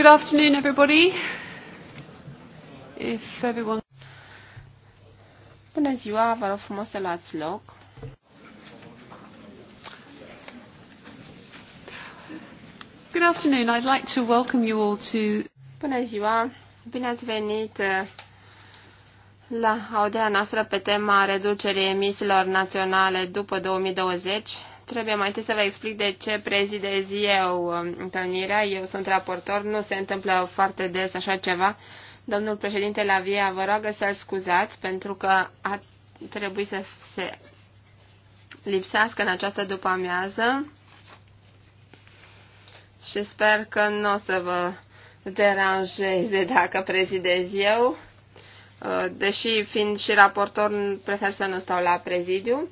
Good afternoon, everybody. If everyone... Bună ziua, vă rog frumos să luați loc. Good afternoon. I'd like to welcome you all to Bună ziua. Bine ați venit uh, la audierea noastră pe tema reducerii emisiilor naționale după 2020 Trebuie mai întâi să vă explic de ce prezidez eu um, întâlnirea. Eu sunt raportor, nu se întâmplă foarte des așa ceva. Domnul președinte Lavia, vă rog să-l scuzați pentru că a trebuit să se lipsească în această după-amiază și sper că nu o să vă deranjeze dacă prezidez eu, uh, deși fiind și raportor prefer să nu stau la prezidiu.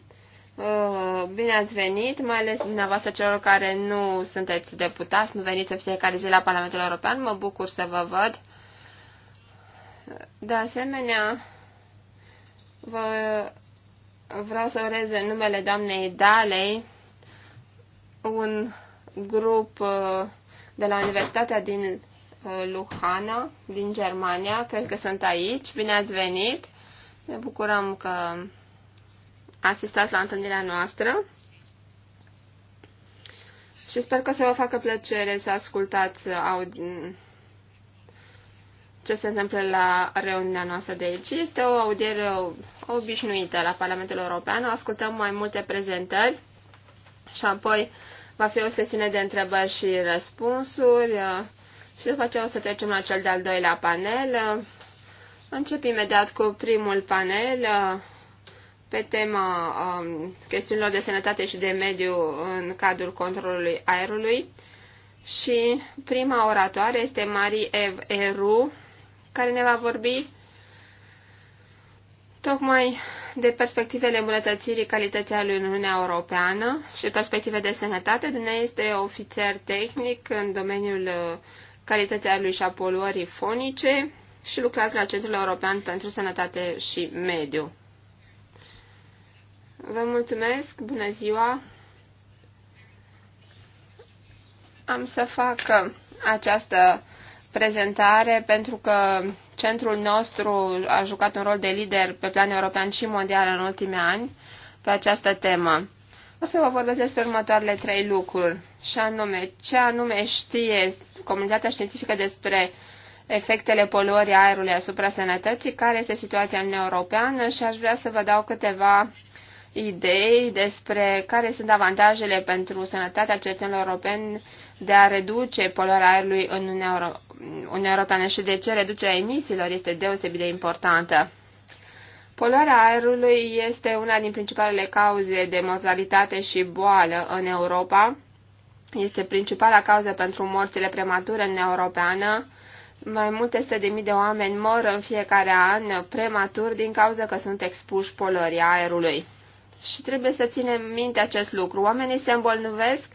Uh, bine ați venit, mai ales dumneavoastră celor care nu sunteți deputați, nu veniți în fiecare zi la Parlamentul European. Mă bucur să vă văd. De asemenea, vă, vreau să urez în numele doamnei Dalei un grup uh, de la Universitatea din uh, Luhana, din Germania. Cred că sunt aici. Bine ați venit! Ne bucurăm că asistați la întâlnirea noastră și sper că să vă facă plăcere să ascultați ce se întâmplă la reuniunea noastră de aici. Este o audiere obișnuită la Parlamentul European. Ascultăm mai multe prezentări și apoi va fi o sesiune de întrebări și răspunsuri și după aceea o să trecem la cel de-al doilea panel. Încep imediat cu primul panel pe tema um, chestiunilor de sănătate și de mediu în cadrul controlului aerului. Și prima oratoare este Marie Ev Eru, care ne va vorbi tocmai de perspectivele îmbunătățirii calității în Uniunea Europeană și perspective de sănătate. Dumnezeu este ofițer tehnic în domeniul uh, calității aerului și a poluării fonice și lucrează la Centrul European pentru Sănătate și Mediu. Vă mulțumesc, bună ziua! Am să fac uh, această prezentare pentru că centrul nostru a jucat un rol de lider pe plan european și mondial în ultimii ani pe această temă. O să vă vorbesc despre următoarele trei lucruri, și anume ce anume știe comunitatea științifică despre efectele poluării aerului asupra sănătății, care este situația în Europeană și aș vrea să vă dau câteva idei despre care sunt avantajele pentru sănătatea cetățenilor europeni de a reduce poluarea aerului în Uniunea, Europeană și de ce reducerea emisiilor este deosebit de importantă. Poluarea aerului este una din principalele cauze de mortalitate și boală în Europa. Este principala cauză pentru morțile premature în Europeană. Mai multe sute de mii de oameni mor în fiecare an prematur din cauza că sunt expuși polării aerului. Și trebuie să ținem minte acest lucru. Oamenii se îmbolnăvesc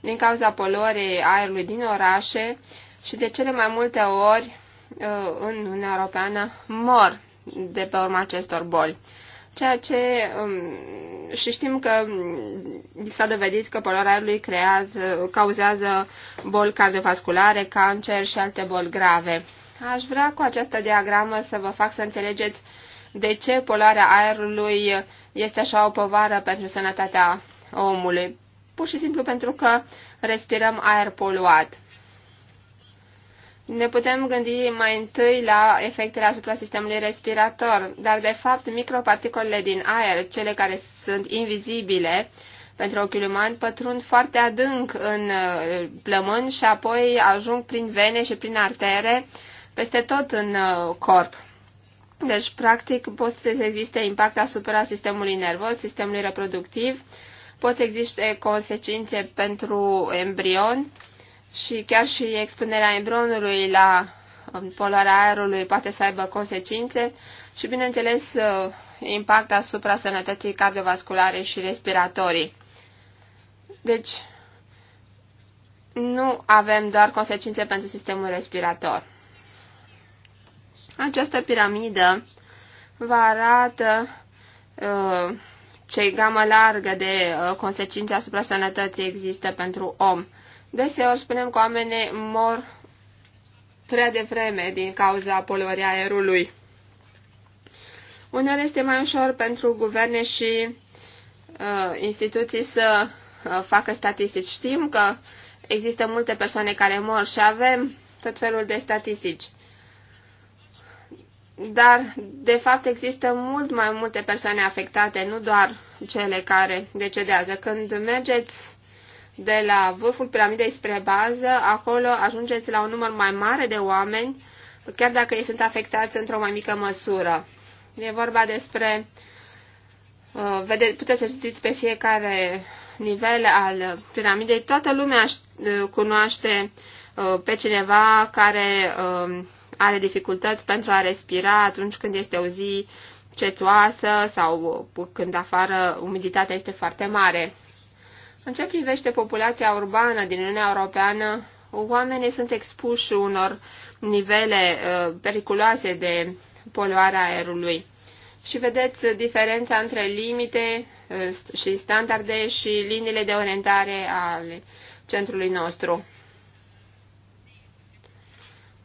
din cauza poluării aerului din orașe și de cele mai multe ori uh, în Uniunea Europeană mor de pe urma acestor boli. Ceea ce um, și știm că s-a dovedit că poluarea aerului creează, cauzează boli cardiovasculare, cancer și alte boli grave. Aș vrea cu această diagramă să vă fac să înțelegeți de ce polarea aerului este așa o povară pentru sănătatea omului. Pur și simplu pentru că respirăm aer poluat. Ne putem gândi mai întâi la efectele asupra sistemului respirator, dar de fapt microparticolele din aer, cele care sunt invizibile pentru ochiul uman, pătrund foarte adânc în uh, plămâni și apoi ajung prin vene și prin artere peste tot în uh, corp. Deci, practic, pot să existe impact asupra sistemului nervos, sistemului reproductiv, pot existe consecințe pentru embrion și chiar și expunerea embrionului la poluarea aerului poate să aibă consecințe și, bineînțeles, impact asupra sănătății cardiovasculare și respiratorii. Deci, nu avem doar consecințe pentru sistemul respirator. Această piramidă vă arată uh, ce gamă largă de uh, consecințe asupra sănătății există pentru om. Deseori spunem că oamenii mor prea devreme din cauza poluării aerului. unele este mai ușor pentru guverne și uh, instituții să uh, facă statistici. Știm că există multe persoane care mor și avem tot felul de statistici dar de fapt există mult mai multe persoane afectate, nu doar cele care decedează. Când mergeți de la vârful piramidei spre bază, acolo ajungeți la un număr mai mare de oameni, chiar dacă ei sunt afectați într-o mai mică măsură. E vorba despre, uh, puteți să știți pe fiecare nivel al piramidei, toată lumea uh, cunoaște uh, pe cineva care are dificultăți pentru a respira atunci când este o zi cețoasă sau când afară umiditatea este foarte mare. În ce privește populația urbană din Uniunea Europeană, oamenii sunt expuși unor nivele uh, periculoase de poluare a aerului. Și vedeți diferența între limite uh, și standarde și liniile de orientare ale centrului nostru.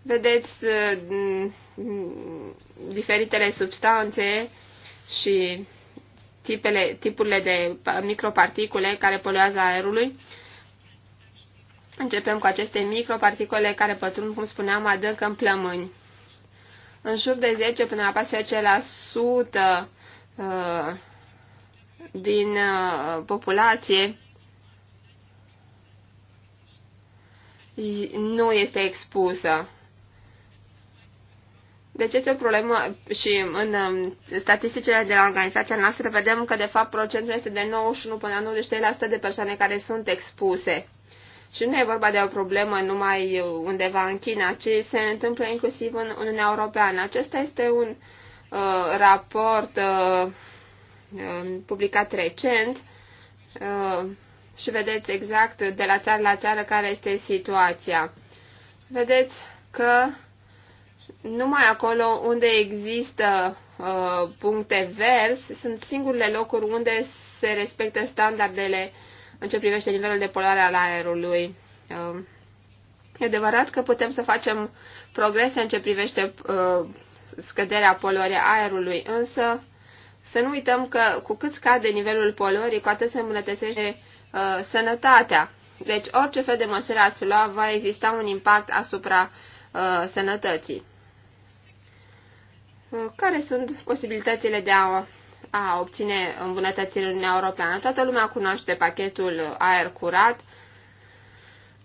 Vedeți uh, diferitele substanțe și tipele, tipurile de microparticule care poluează aerului. Începem cu aceste microparticule care pătrund, cum spuneam, adânc în plămâni. În jur de 10 până la 14% uh, din uh, populație nu este expusă. Deci este o problemă și în um, statisticile de la organizația noastră vedem că de fapt procentul este de 91 până la 93% de persoane care sunt expuse. Și nu e vorba de o problemă numai undeva în China, ci se întâmplă inclusiv în Uniunea Europeană. Acesta este un uh, raport uh, um, publicat recent uh, și vedeți exact de la țară la țară care este situația. Vedeți că numai acolo unde există uh, puncte verzi, sunt singurele locuri unde se respectă standardele în ce privește nivelul de poluare al aerului. Uh, e adevărat că putem să facem progrese în ce privește uh, scăderea poluării aerului, însă să nu uităm că cu cât scade nivelul poluării, cu atât se îmbunătățește uh, sănătatea. Deci orice fel de măsură ați lua va exista un impact asupra uh, sănătății. Uh, care sunt posibilitățile de a, a obține îmbunătățiri în Uniunea Europeană. Toată lumea cunoaște pachetul aer curat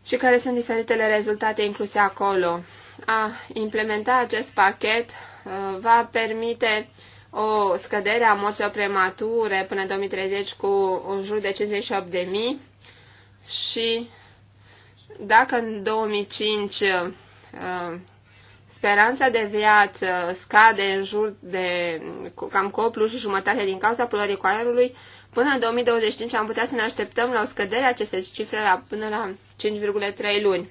și care sunt diferitele rezultate incluse acolo. A implementa acest pachet uh, va permite o scădere a morților premature până în 2030 cu în jur de 58.000 și dacă în 2005 speranța de viață scade în jur de cam cu 8 și jumătate din cauza cu aerului, până în 2025 am putea să ne așteptăm la o scădere a acestei cifre la, până la 5,3 luni.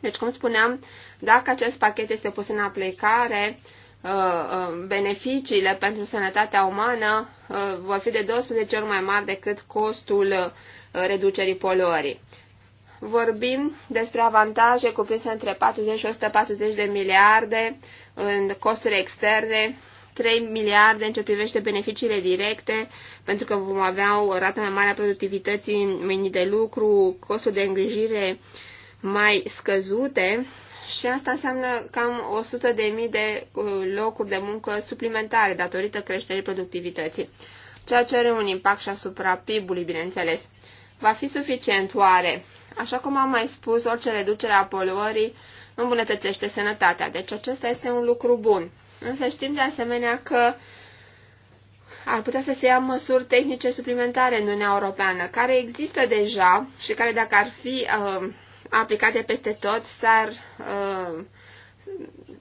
Deci, cum spuneam, dacă acest pachet este pus în aplicare, uh, uh, beneficiile pentru sănătatea umană uh, vor fi de 12 ori mai mari decât costul reducerii poluării vorbim despre avantaje cuprinse între 40 și 140 de miliarde în costuri externe, 3 miliarde în ce privește beneficiile directe, pentru că vom avea o rată mai mare a productivității mâinii de lucru, costuri de îngrijire mai scăzute și asta înseamnă cam 100.000 de uh, locuri de muncă suplimentare datorită creșterii productivității, ceea ce are un impact și asupra PIB-ului, bineînțeles. Va fi suficient oare Așa cum am mai spus, orice reducere a poluării îmbunătățește sănătatea, deci acesta este un lucru bun. Însă știm de asemenea că ar putea să se ia măsuri tehnice suplimentare în Uniunea Europeană, care există deja și care dacă ar fi uh, aplicate peste tot, s-ar uh,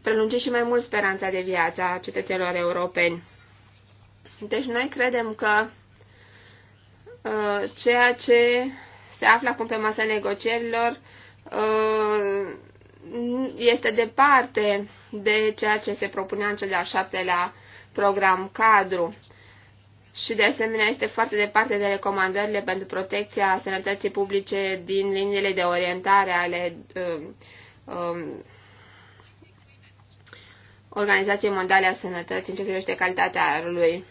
prelungi și mai mult speranța de viață a cetățenilor europeni. Deci noi credem că uh, ceea ce se află acum pe masa negocierilor uh, este departe de ceea ce se propunea în cel de-al șaptelea program cadru și de asemenea este foarte departe de recomandările pentru protecția sănătății publice din liniile de orientare ale um, um, Organizației Mondiale a Sănătății în ce privește calitatea aerului.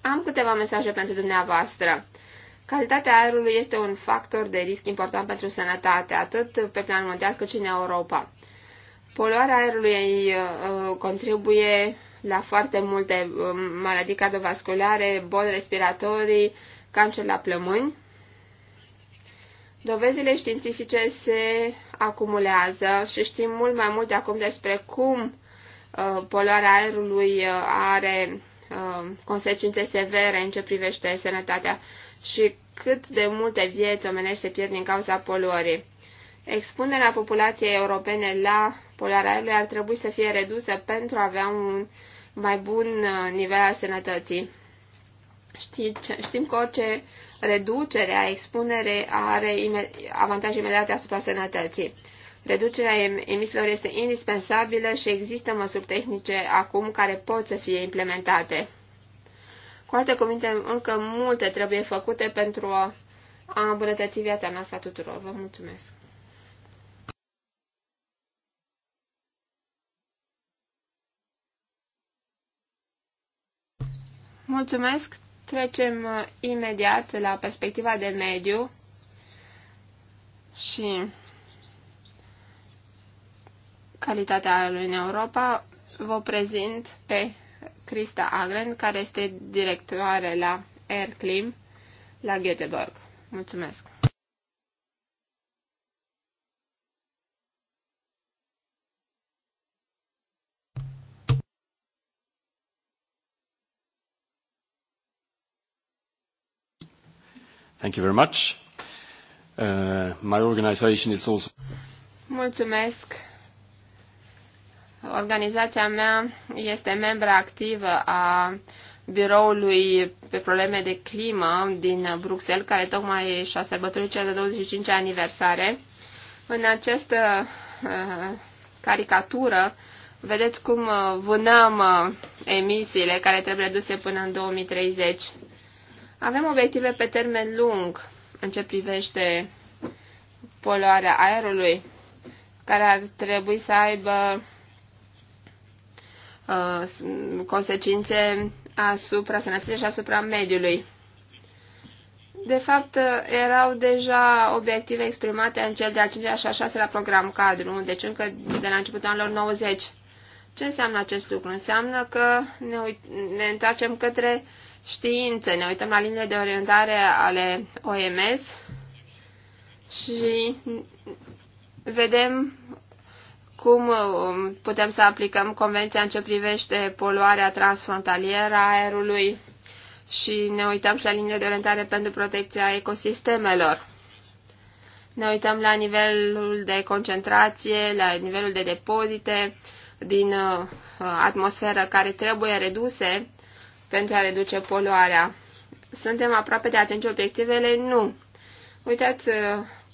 Am câteva mesaje pentru dumneavoastră. Calitatea aerului este un factor de risc important pentru sănătate, atât pe plan mondial cât și în Europa. Poluarea aerului uh, uh, contribuie la foarte multe um, maladii cardiovasculare, boli respiratorii, cancer la plămâni. Dovezile științifice se acumulează și știm mult mai mult acum despre cum uh, poluarea aerului are consecințe severe în ce privește sănătatea și cât de multe vieți omenești se pierd din cauza poluării. Expunerea populației europene la poluarea aerului ar trebui să fie redusă pentru a avea un mai bun uh, nivel al sănătății. Știm că orice reducere a expunerei are avantaje imediate asupra sănătății. Reducerea emisiilor este indispensabilă și există măsuri tehnice acum care pot să fie implementate. Cu alte cuvinte, încă multe trebuie făcute pentru a îmbunătăți viața noastră tuturor. Vă mulțumesc! Mulțumesc! Trecem uh, imediat la perspectiva de mediu și calitatea lui în Europa. Vă prezint pe Krista Aglen, care este directoare la AirClim la Göteborg. Mulțumesc! Thank you very much. Uh, my organization is also Mulțumesc. Organizația mea este membra activă a biroului pe probleme de climă din Bruxelles, care tocmai și-a sărbătorit cea de 25 aniversare. În această uh, caricatură vedeți cum uh, vânăm uh, emisiile care trebuie duse până în 2030. Avem obiective pe termen lung în ce privește poluarea aerului, care ar trebui să aibă Uh, consecințe asupra sănătății și asupra mediului. De fapt, uh, erau deja obiective exprimate în cel de-al 5-lea și a 6 la program cadru, deci încă de la începutul anilor 90. Ce înseamnă acest lucru? Înseamnă că ne, uit- ne întoarcem către știință, ne uităm la linile de orientare ale OMS și vedem cum um, putem să aplicăm convenția în ce privește poluarea transfrontalieră a aerului și ne uităm și la linia de orientare pentru protecția ecosistemelor. Ne uităm la nivelul de concentrație, la nivelul de depozite din uh, atmosferă care trebuie reduse pentru a reduce poluarea. Suntem aproape de atinge obiectivele? Nu. Uitați uh,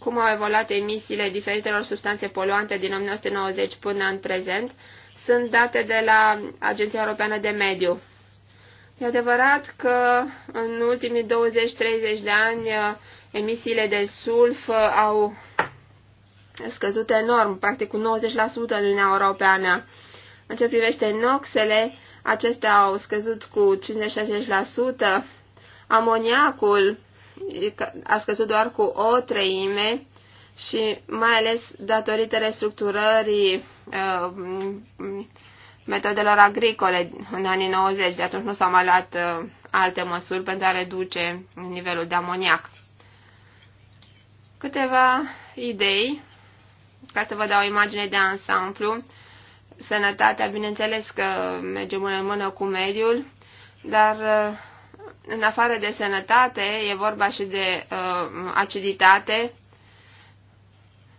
cum au evoluat emisiile diferitelor substanțe poluante din 1990 până în prezent, sunt date de la Agenția Europeană de Mediu. E adevărat că în ultimii 20-30 de ani uh, emisiile de sulf uh, au scăzut enorm, practic cu 90% în Uniunea Europeană. În ce privește noxele, acestea au scăzut cu 56%, amoniacul a scăzut doar cu o treime și mai ales datorită restructurării uh, metodelor agricole în anii 90. De atunci nu s-au mai luat uh, alte măsuri pentru a reduce nivelul de amoniac. Câteva idei ca să vă dau o imagine de ansamblu. Sănătatea, bineînțeles că merge mână în mână cu mediul, dar uh, în afară de sănătate, e vorba și de uh, aciditate,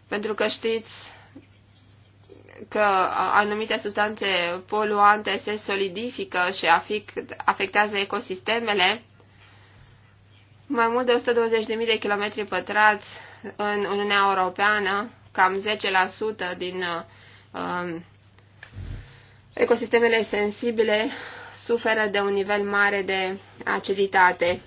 pentru că știți că uh, anumite substanțe poluante se solidifică și afectează ecosistemele. Mai mult de 120.000 de km pătrați în Uniunea Europeană, cam 10% din uh, um, ecosistemele sensibile suferă de un nivel mare de aciditate.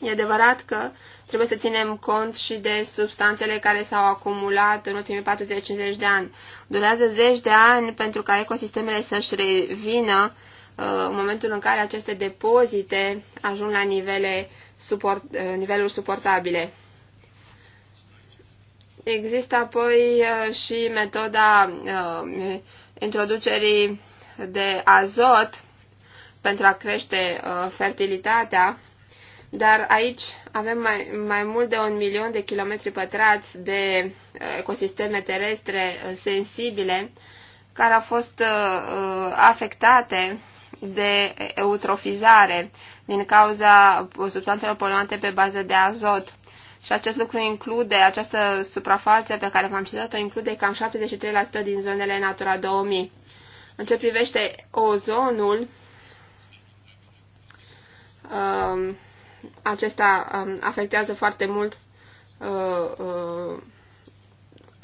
E adevărat că trebuie să ținem cont și de substanțele care s-au acumulat în ultimii 40-50 de ani. Durează zeci de ani pentru ca ecosistemele să-și revină uh, în momentul în care aceste depozite ajung la nivele suport, uh, niveluri suportabile. Există apoi uh, și metoda introducerii de azot pentru a crește uh, fertilitatea, dar aici avem mai, mai mult de un milion de kilometri pătrați de uh, ecosisteme terestre uh, sensibile care au fost uh, uh, afectate de eutrofizare din cauza substanțelor poluante pe bază de azot. Și acest lucru include, această suprafață pe care v-am citat-o, include cam 73% din zonele Natura 2000. În ce privește ozonul, Um, acesta um, afectează foarte mult uh, uh,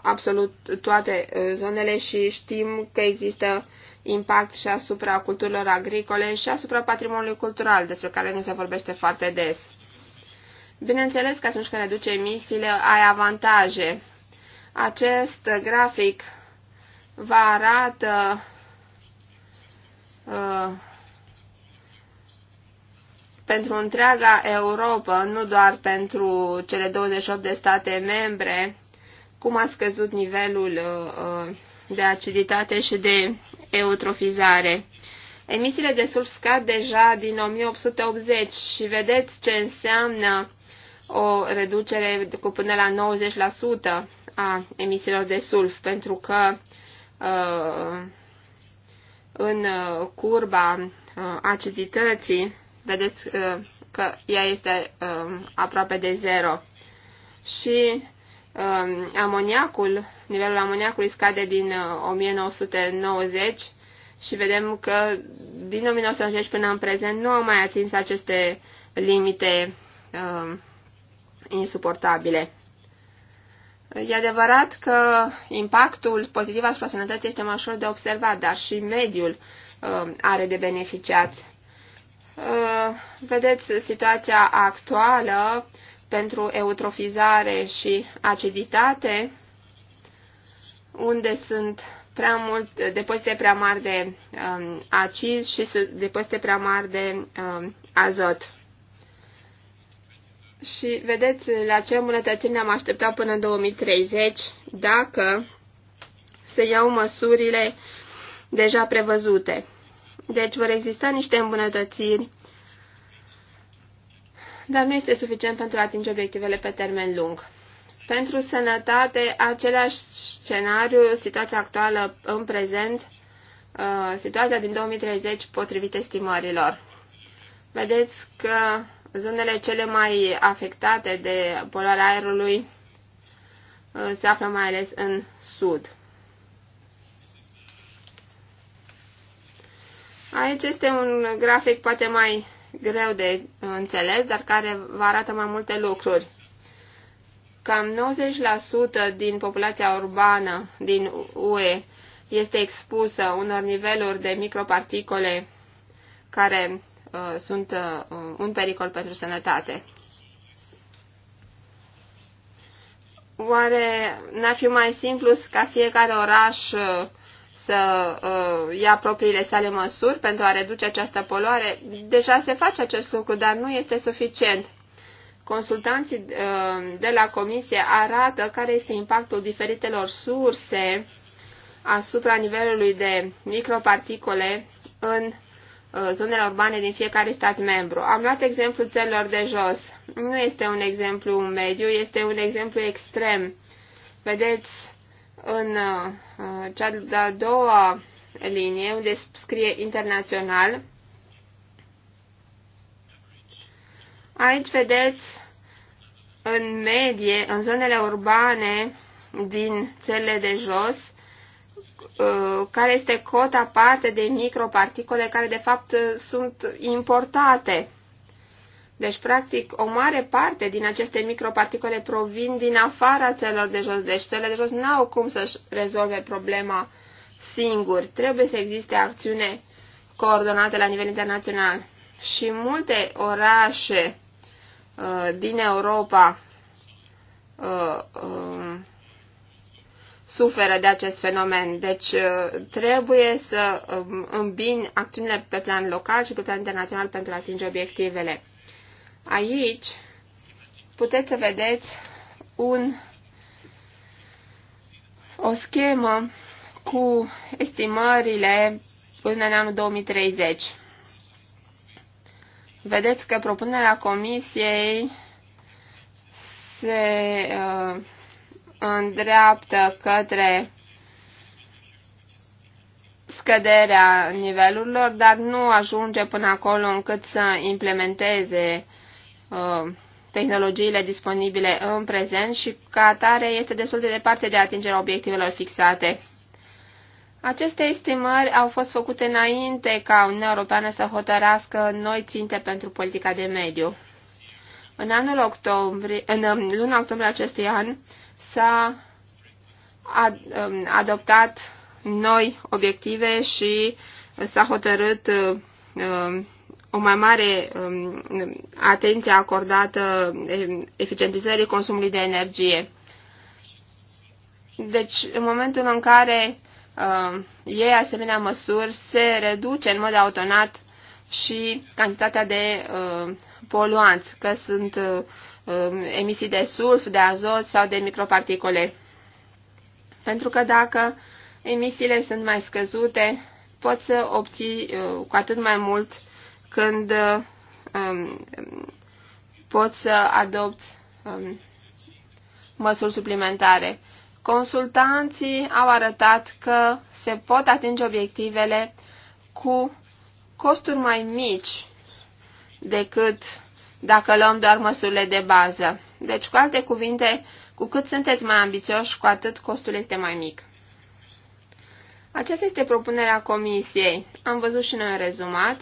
absolut toate uh, zonele și știm că există impact și asupra culturilor agricole și asupra patrimoniului cultural, despre care nu se vorbește foarte des. Bineînțeles că atunci când reduce emisiile, ai avantaje. Acest grafic vă arată uh, pentru întreaga Europa, nu doar pentru cele 28 de state membre, cum a scăzut nivelul uh, uh, de aciditate și de eutrofizare. Emisiile de sulf scad deja din 1880 și vedeți ce înseamnă o reducere cu până la 90% a emisiilor de sulf, pentru că uh, în uh, curba acidității Vedeți uh, că ea este um, aproape de zero. Și um, amoniacul, nivelul amoniacului scade din 1990 uh, și vedem că din 1990 până în prezent nu au mai atins aceste limite um, insuportabile. E adevărat că impactul pozitiv asupra sănătății este mai ușor de observat, dar și mediul uh, are de beneficiat Uh, vedeți situația actuală pentru eutrofizare și aciditate, unde sunt prea mult, depozite prea mari de um, acid și depozite prea mari de um, azot. Și vedeți la ce îmbunătățiri ne-am așteptat până în 2030 dacă se iau măsurile deja prevăzute. Deci vor exista niște îmbunătățiri, dar nu este suficient pentru a atinge obiectivele pe termen lung. Pentru sănătate, același scenariu, situația actuală în prezent, uh, situația din 2030 potrivit estimărilor. Vedeți că zonele cele mai afectate de poluarea aerului uh, se află mai ales în sud. Aici este un grafic poate mai greu de înțeles, dar care vă arată mai multe lucruri. Cam 90% din populația urbană din UE este expusă unor niveluri de microparticole care uh, sunt uh, un pericol pentru sănătate. Oare n-ar fi mai simplu ca fiecare oraș uh, să uh, ia propriile sale măsuri pentru a reduce această poluare. Deja se face acest lucru, dar nu este suficient. Consultanții uh, de la comisie arată care este impactul diferitelor surse asupra nivelului de microparticole în uh, zonele urbane din fiecare stat membru. Am luat exemplul țărilor de jos. Nu este un exemplu mediu, este un exemplu extrem. Vedeți, în uh, cea de-a doua linie, unde scrie internațional. Aici vedeți în medie, în zonele urbane din cele de jos, uh, care este cota parte de microparticole care de fapt sunt importate deci, practic, o mare parte din aceste microparticole provin din afara celor de jos. Deci, cele de jos n-au cum să-și rezolve problema singuri. Trebuie să existe acțiune coordonată la nivel internațional. Și multe orașe uh, din Europa uh, uh, suferă de acest fenomen. Deci uh, trebuie să um, îmbin acțiunile pe plan local și pe plan internațional pentru a atinge obiectivele. Aici puteți să vedeți un, o schemă cu estimările până în anul 2030. Vedeți că propunerea comisiei se uh, îndreaptă către scăderea nivelurilor, dar nu ajunge până acolo încât să implementeze Uh, tehnologiile disponibile în prezent și ca atare este destul de departe de atingerea obiectivelor fixate. Aceste estimări au fost făcute înainte ca Uniunea Europeană să hotărască noi ținte pentru politica de mediu. În, anul octombrie, în luna octombrie acestui an s-a ad, um, adoptat noi obiective și s-a hotărât uh, o mai mare um, atenție acordată um, eficientizării consumului de energie. Deci, în momentul în care uh, iei asemenea măsuri, se reduce în mod autonat și cantitatea de uh, poluanți, că sunt uh, emisii de sulf, de azot sau de microparticole. Pentru că dacă emisiile sunt mai scăzute, poți să obții uh, cu atât mai mult când um, poți să adopți um, măsuri suplimentare. Consultanții au arătat că se pot atinge obiectivele cu costuri mai mici decât dacă luăm doar măsurile de bază. Deci, cu alte cuvinte, cu cât sunteți mai ambițioși, cu atât costul este mai mic. Aceasta este propunerea comisiei. Am văzut și noi un rezumat.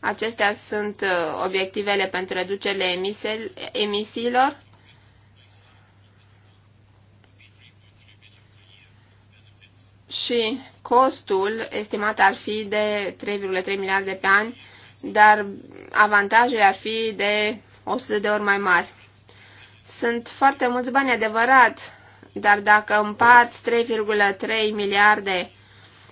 Acestea sunt uh, obiectivele pentru reducerile emisiilor. Și costul estimat ar fi de 3,3 miliarde pe an, dar avantajele ar fi de 100 de ori mai mari. Sunt foarte mulți bani adevărat, dar dacă împarți 3,3 miliarde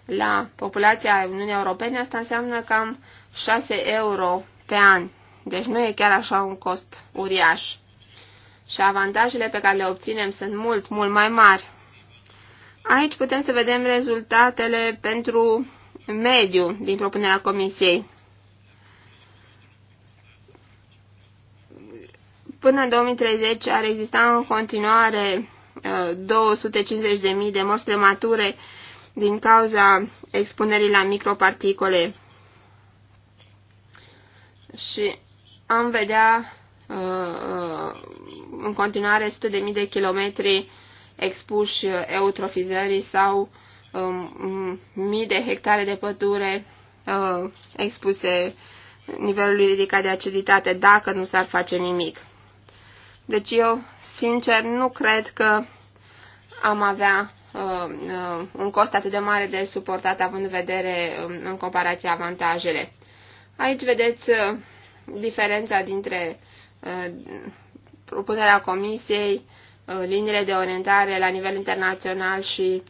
la populația Uniunii Europene, asta înseamnă cam 6 euro pe an. Deci nu e chiar așa un cost uriaș. Și avantajele pe care le obținem sunt mult, mult mai mari. Aici putem să vedem rezultatele pentru mediu din propunerea comisiei. Până în 2030 ar exista în continuare 250.000 uh, de morți premature din cauza expunerii la microparticole și am vedea uh, uh, în continuare sute de mii de kilometri expuși uh, eutrofizării sau um, mii de hectare de pădure expuse nivelului ridicat de aciditate dacă nu s-ar face nimic. Deci eu, sincer, nu cred că am avea uh, un cost atât de mare de suportat având în vedere um, în comparație avantajele. Aici vedeți uh, diferența dintre uh, propunerea comisiei, uh, liniile de orientare la nivel internațional și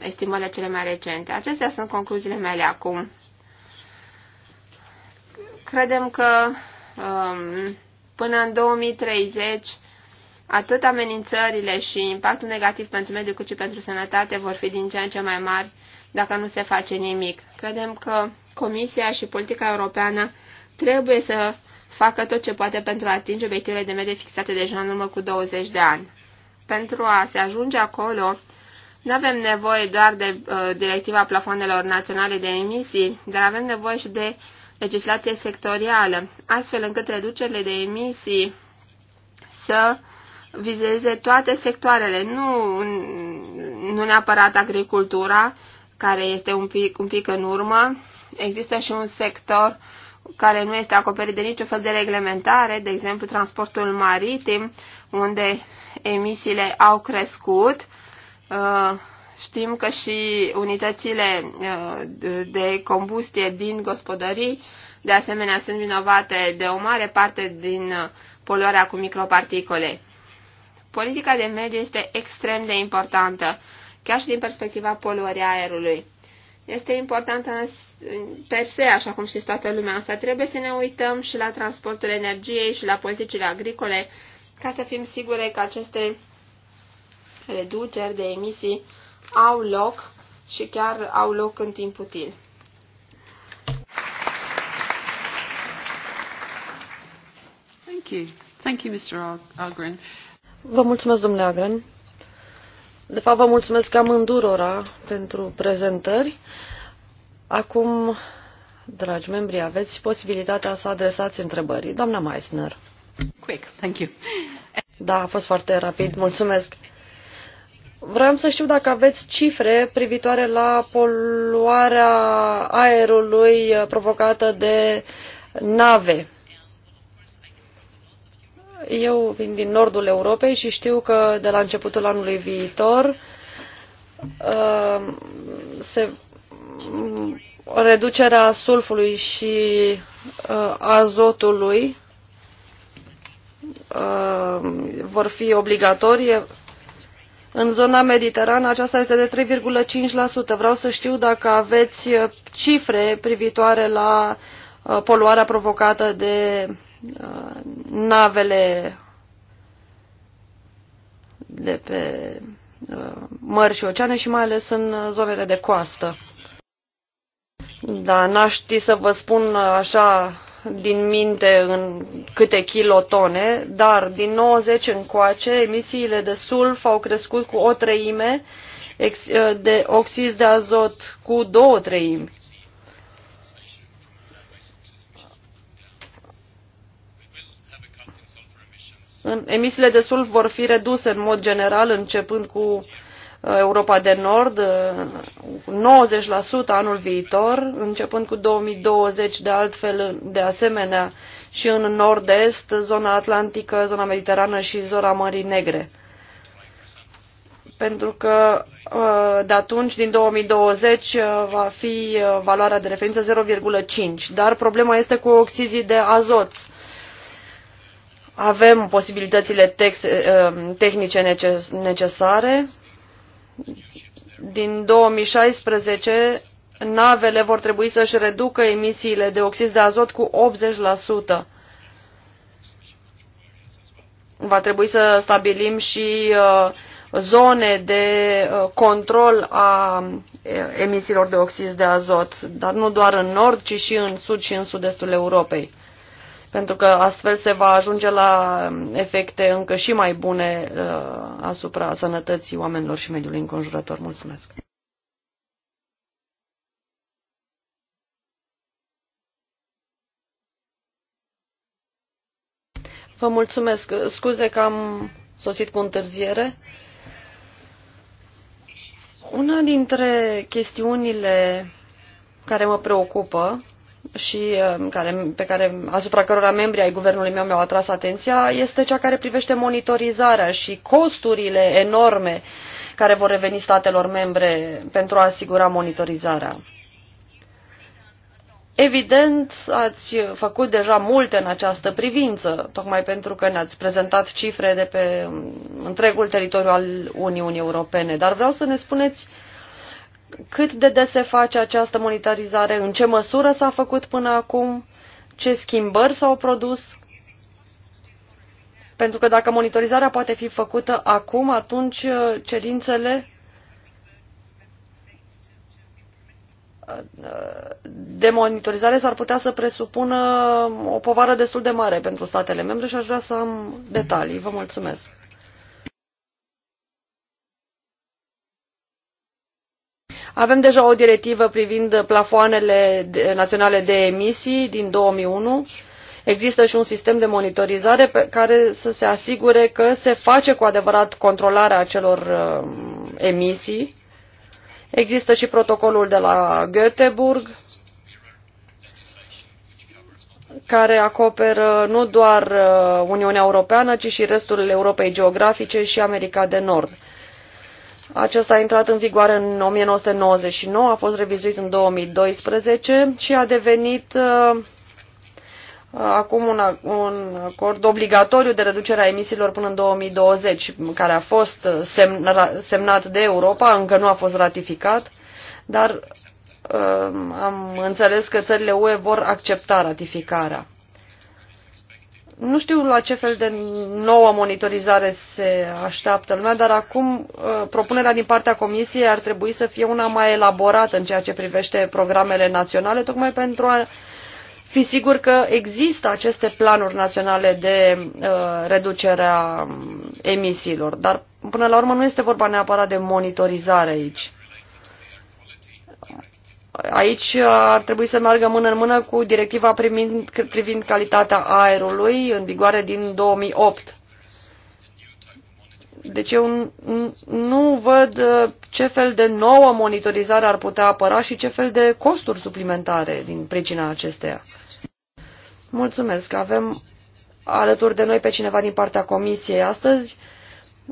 estimările cele mai recente. Acestea sunt concluziile mele acum. Credem că um, până în 2030 atât amenințările și impactul negativ pentru mediu cât și pentru sănătate vor fi din ce în ce mai mari dacă nu se face nimic. Credem că Comisia și politica europeană trebuie să facă tot ce poate pentru a atinge obiectivele de medie fixate deja în urmă cu 20 de ani. Pentru a se ajunge acolo, nu avem nevoie doar de uh, directiva plafonelor naționale de emisii, dar avem nevoie și de legislație sectorială, astfel încât reducerile de emisii să vizeze toate sectoarele, nu, nu neapărat agricultura, care este un pic, un pic în urmă, există și un sector care nu este acoperit de niciun fel de reglementare, de exemplu transportul maritim, unde emisiile au crescut. Uh, știm că și unitățile uh, de combustie din gospodării, de asemenea, sunt vinovate de o mare parte din poluarea cu microparticole. Politica de mediu este extrem de importantă, chiar și din perspectiva poluării aerului este importantă per se, așa cum știți toată lumea, asta trebuie să ne uităm și la transportul energiei și la politicile agricole ca să fim sigure că aceste reduceri de emisii au loc și chiar au loc în timp util. Thank you. Thank you, Mr. Agren. Vă mulțumesc, domnule Agren. De fapt, vă mulțumesc amândurora pentru prezentări. Acum, dragi membri, aveți posibilitatea să adresați întrebări. Doamna Meissner. Quick, thank you. Da, a fost foarte rapid, mulțumesc. Vreau să știu dacă aveți cifre privitoare la poluarea aerului provocată de nave. Eu vin din nordul Europei și știu că de la începutul anului viitor uh, se mm, reducerea sulfului și uh, azotului uh, vor fi obligatorie. În zona mediterană aceasta este de 3,5%. Vreau să știu dacă aveți cifre privitoare la poluarea provocată de Uh, navele de pe uh, mări și oceane și mai ales în uh, zonele de coastă. Da, n-aș ști să vă spun așa din minte în câte kilotone, dar din 90 încoace emisiile de sulf au crescut cu o treime, de oxiz de azot cu două treimi Emisiile de sulf vor fi reduse în mod general începând cu uh, Europa de Nord, 90% uh, anul viitor, începând cu 2020 de altfel de asemenea și în nord-est, zona atlantică, zona mediterană și zona Mării Negre. Pentru că uh, de atunci, din 2020, va fi valoarea de referință 0,5. Dar problema este cu oxizii de azot avem posibilitățile text, eh, eh, tehnice necesare. Din 2016, navele vor trebui să-și reducă emisiile de oxid de azot cu 80%. Va trebui să stabilim și eh, zone de control a emisiilor de oxid de azot, dar nu doar în nord, ci și în sud și în sud-estul Europei pentru că astfel se va ajunge la efecte încă și mai bune uh, asupra sănătății oamenilor și mediului înconjurător. Mulțumesc! Vă mulțumesc. Scuze că am sosit cu întârziere. Una dintre chestiunile care mă preocupă și uh, care, pe care, asupra cărora membrii ai guvernului meu mi-au atras atenția este cea care privește monitorizarea și costurile enorme care vor reveni statelor membre pentru a asigura monitorizarea. Evident, ați făcut deja multe în această privință, tocmai pentru că ne-ați prezentat cifre de pe um, întregul teritoriu al Uniunii Europene, dar vreau să ne spuneți uh, cât de des se face această monitorizare, în ce măsură s-a făcut până acum, ce schimbări s-au produs. Pentru că dacă monitorizarea poate fi făcută acum, atunci uh, cerințele uh, de monitorizare s-ar putea să presupună o povară destul de mare pentru statele membre și aș vrea să am detalii. Vă mulțumesc. Avem deja o directivă privind plafoanele naționale de emisii din 2001. Există și un sistem de monitorizare care să se asigure că se face cu adevărat controlarea acelor uh, emisii. Există și protocolul de la Göteborg, care acoperă nu doar uh, Uniunea Europeană, ci și restul Europei geografice și America de Nord. Acesta a intrat în vigoare în 1999, a fost revizuit în 2012 și a devenit uh, uh acum un, un acord obligatoriu de reducere a emisiilor până în 2020, care a fost uh, semn, semnat de Europa, încă nu a fost ratificat, dar uh, am înțeles că țările UE vor accepta ratificarea. Nu știu la ce fel de nouă monitorizare se așteaptă lumea, dar acum uh, propunerea din partea Comisiei ar trebui să fie una mai elaborată în ceea ce privește programele naționale, tocmai pentru a fi sigur că există aceste planuri naționale de reducerea uh, reducere a um, emisiilor. Dar până la urmă nu este vorba neapărat de monitorizare aici. Aici uh, ar trebui să meargă mână în mână cu directiva privind, privind calitatea aerului în vigoare din 2008. Deci eu nu văd uh, ce fel de nouă monitorizare ar putea apăra și ce fel de costuri suplimentare din pricina acesteia. Mulțumesc. Avem alături de noi pe cineva din partea comisiei astăzi.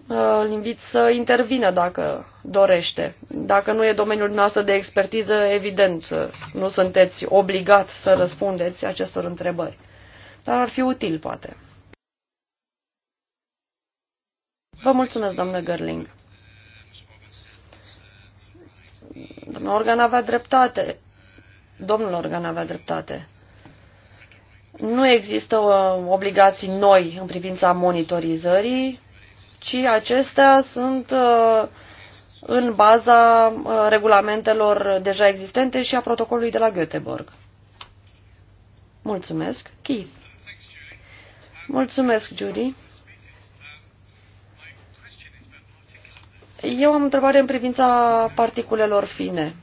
Uh, invit să intervină dacă dorește. Dacă nu e domeniul noastră de expertiză, evident, uh, nu sunteți obligat să răspundeți acestor întrebări. Dar ar fi util, poate. Vă mulțumesc, doamnă Gerling. Domnul Organ avea dreptate. Domnul Organ avea dreptate. Nu există uh, obligații noi în privința monitorizării, ci acestea sunt uh, în baza uh, regulamentelor deja existente și a protocolului de la Göteborg. Mulțumesc, Keith. Mulțumesc, Judy. Eu am întrebare în privința particulelor fine.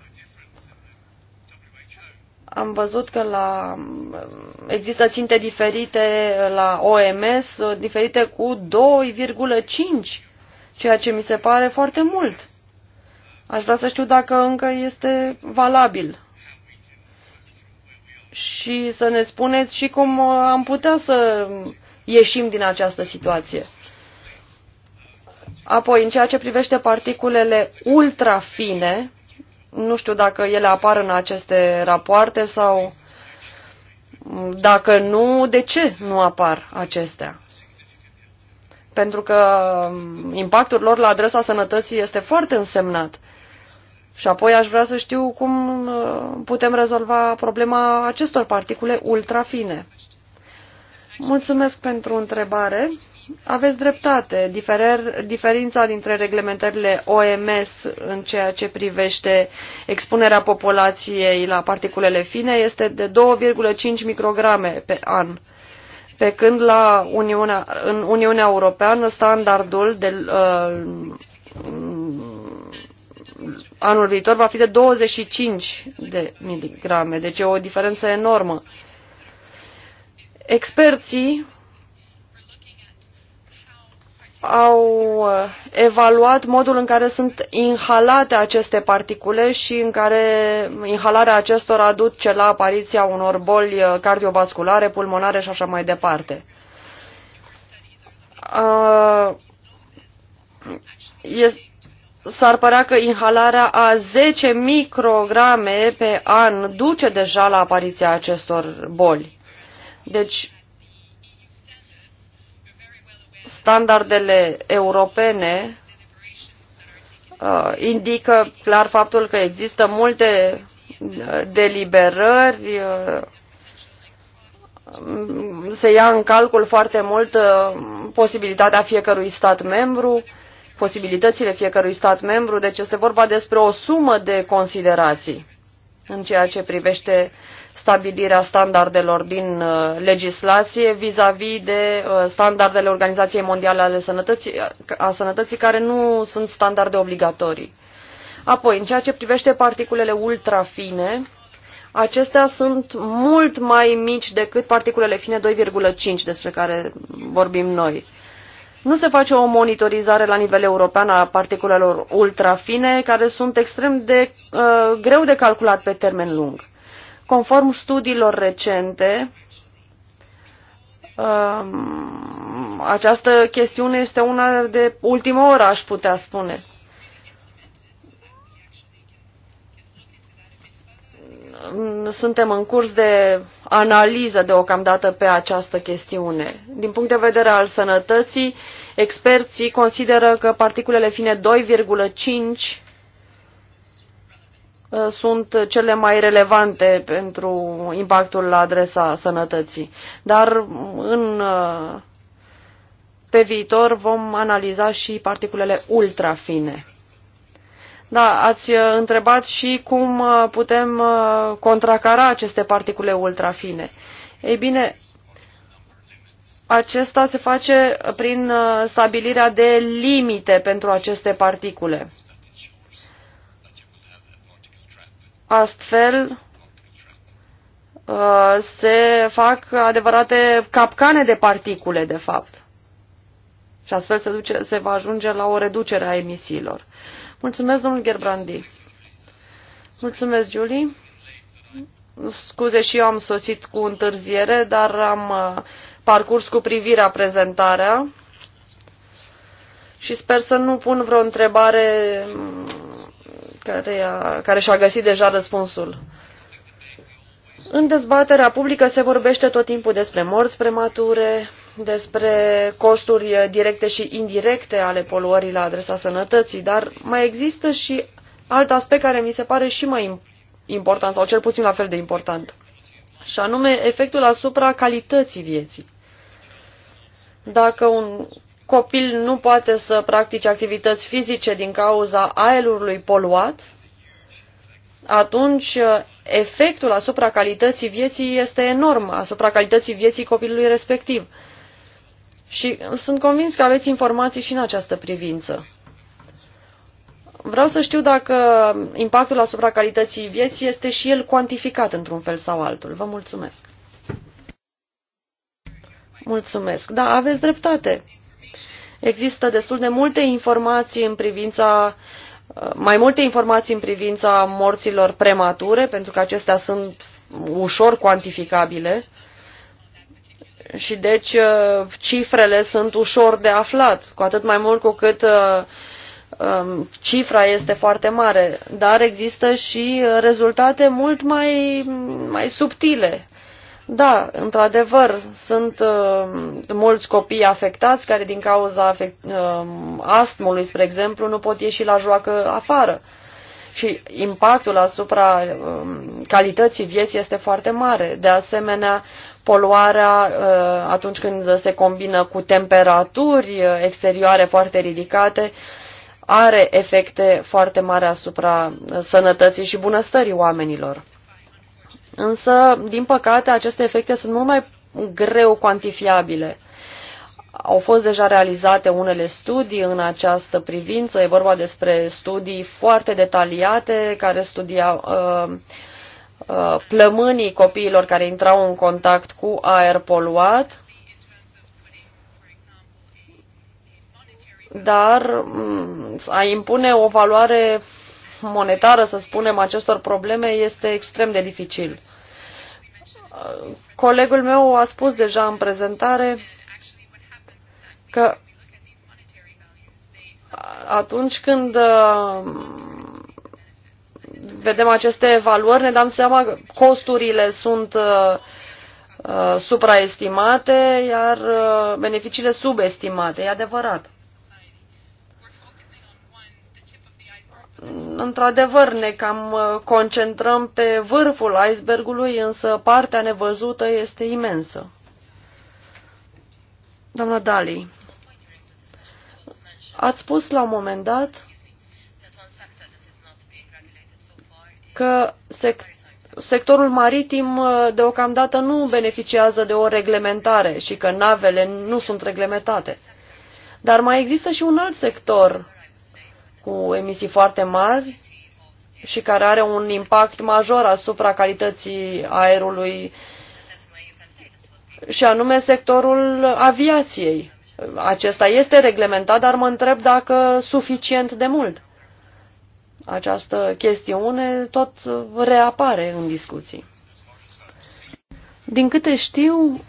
Am văzut că la, există ținte diferite la OMS, diferite cu 2,5, ceea ce mi se pare foarte mult. Aș vrea să știu dacă încă este valabil. Și să ne spuneți și cum uh, am putea să ieșim din această situație. Apoi, în ceea ce privește particulele ultrafine, nu știu dacă ele apar în aceste rapoarte sau dacă nu, de ce nu apar acestea? Pentru că um, impactul lor la adresa sănătății este foarte însemnat. Și apoi aș vrea să știu cum uh, putem rezolva problema acestor particule ultrafine. Mulțumesc pentru întrebare. Aveți dreptate. Diferer, diferența dintre reglementările OMS în ceea ce privește expunerea populației la particulele fine este de 2,5 micrograme pe an, pe când la Uniunea, în Uniunea Europeană standardul de, uh, anul viitor va fi de 25 de miligrame, deci e o diferență enormă. Experții au uh, evaluat modul în care sunt inhalate aceste particule și în care inhalarea acestora aduce la apariția unor boli uh, cardiovasculare, pulmonare și așa mai departe. Uh, s-ar părea că inhalarea a 10 micrograme pe an duce deja la apariția acestor boli. Deci, Standardele europene uh, indică clar faptul că există multe uh, deliberări, uh, se ia în calcul foarte mult uh, posibilitatea fiecărui stat membru, posibilitățile fiecărui stat membru, deci este vorba despre o sumă de considerații în ceea ce privește stabilirea standardelor din uh, legislație vis-a-vis -vis de uh, standardele Organizației Mondiale ale Sănătății, a Sănătății, care nu sunt standarde obligatorii. Apoi, în ceea ce privește particulele ultrafine, acestea sunt mult mai mici decât particulele fine 2,5 despre care vorbim noi. Nu se face o monitorizare la nivel european a particulelor ultrafine, care sunt extrem de uh, greu de calculat pe termen lung. Conform studiilor recente, um, această chestiune este una de ultimă oră, aș putea spune. Suntem în curs de analiză deocamdată pe această chestiune. Din punct de vedere al sănătății, experții consideră că particulele fine 2,5 Uh, sunt cele mai relevante pentru impactul la adresa sănătății. Dar mm, în, uh, pe viitor vom analiza și particulele ultrafine. Da, ați uh, întrebat și cum putem contracara aceste particule ultrafine. Ei bine, acesta se face prin stabilirea de limite pentru aceste particule. Astfel uh, se fac adevărate capcane de particule, de fapt. Și astfel se, duce, se va ajunge la o reducere a emisiilor. Mulțumesc, domnul Gerbrandi. Mulțumesc, Julie. Scuze și eu am sosit cu întârziere, dar am uh, parcurs cu privirea prezentarea și sper să nu pun vreo întrebare care, a, care și-a găsit deja răspunsul. În dezbaterea publică se vorbește tot timpul despre morți premature, despre costuri directe și indirecte ale poluării la adresa sănătății, dar mai există și alt aspect care mi se pare și mai important, sau cel puțin la fel de important, și anume efectul asupra calității vieții. Dacă un copil nu poate să practice activități fizice din cauza aerului poluat, atunci uh, efectul asupra calității vieții este enorm, asupra calității vieții copilului respectiv. Și uh, sunt convins că aveți informații și în această privință. Vreau să știu dacă impactul asupra calității vieții este și el cuantificat într-un fel sau altul. Vă mulțumesc. Mulțumesc. Da, aveți dreptate. Există destul de multe informații în privința mai multe informații în privința morților premature, pentru că acestea sunt ușor cuantificabile și deci uh, cifrele sunt ușor de aflat, cu atât mai mult cu cât uh, um, cifra este foarte mare, dar există și rezultate mult mai, mai subtile da, într-adevăr, sunt uh, mulți copii afectați care din cauza afect, uh, astmului, spre exemplu, nu pot ieși la joacă afară. Și impactul asupra uh, calității vieții este foarte mare. De asemenea, poluarea uh, atunci când se combină cu temperaturi uh, exterioare foarte ridicate are efecte foarte mari asupra uh, sănătății și bunăstării oamenilor. Însă, din păcate, aceste efecte sunt mult mai greu cuantifiabile. Au fost deja realizate unele studii în această privință, e vorba despre studii foarte detaliate care studiau uh, uh, plămânii copiilor care intrau în contact cu aer poluat, dar mm, a impune o valoare monetară, să spunem, acestor probleme este extrem de dificil. Colegul meu a spus deja în prezentare că atunci când uh, vedem aceste evaluări, ne dăm seama că costurile sunt uh, uh, supraestimate, iar beneficiile subestimate. E adevărat. într-adevăr, ne cam uh, concentrăm pe vârful icebergului, însă partea nevăzută este imensă. Doamna Dali, ați spus la un moment dat că sec sectorul maritim uh, deocamdată nu beneficiază de o reglementare și că navele nu sunt reglementate. Dar mai există și un alt sector cu emisii foarte mari și care are un impact major asupra calității aerului și anume sectorul aviației. Acesta este reglementat, dar mă întreb dacă suficient de mult. Această chestiune tot reapare în discuții. Din câte știu,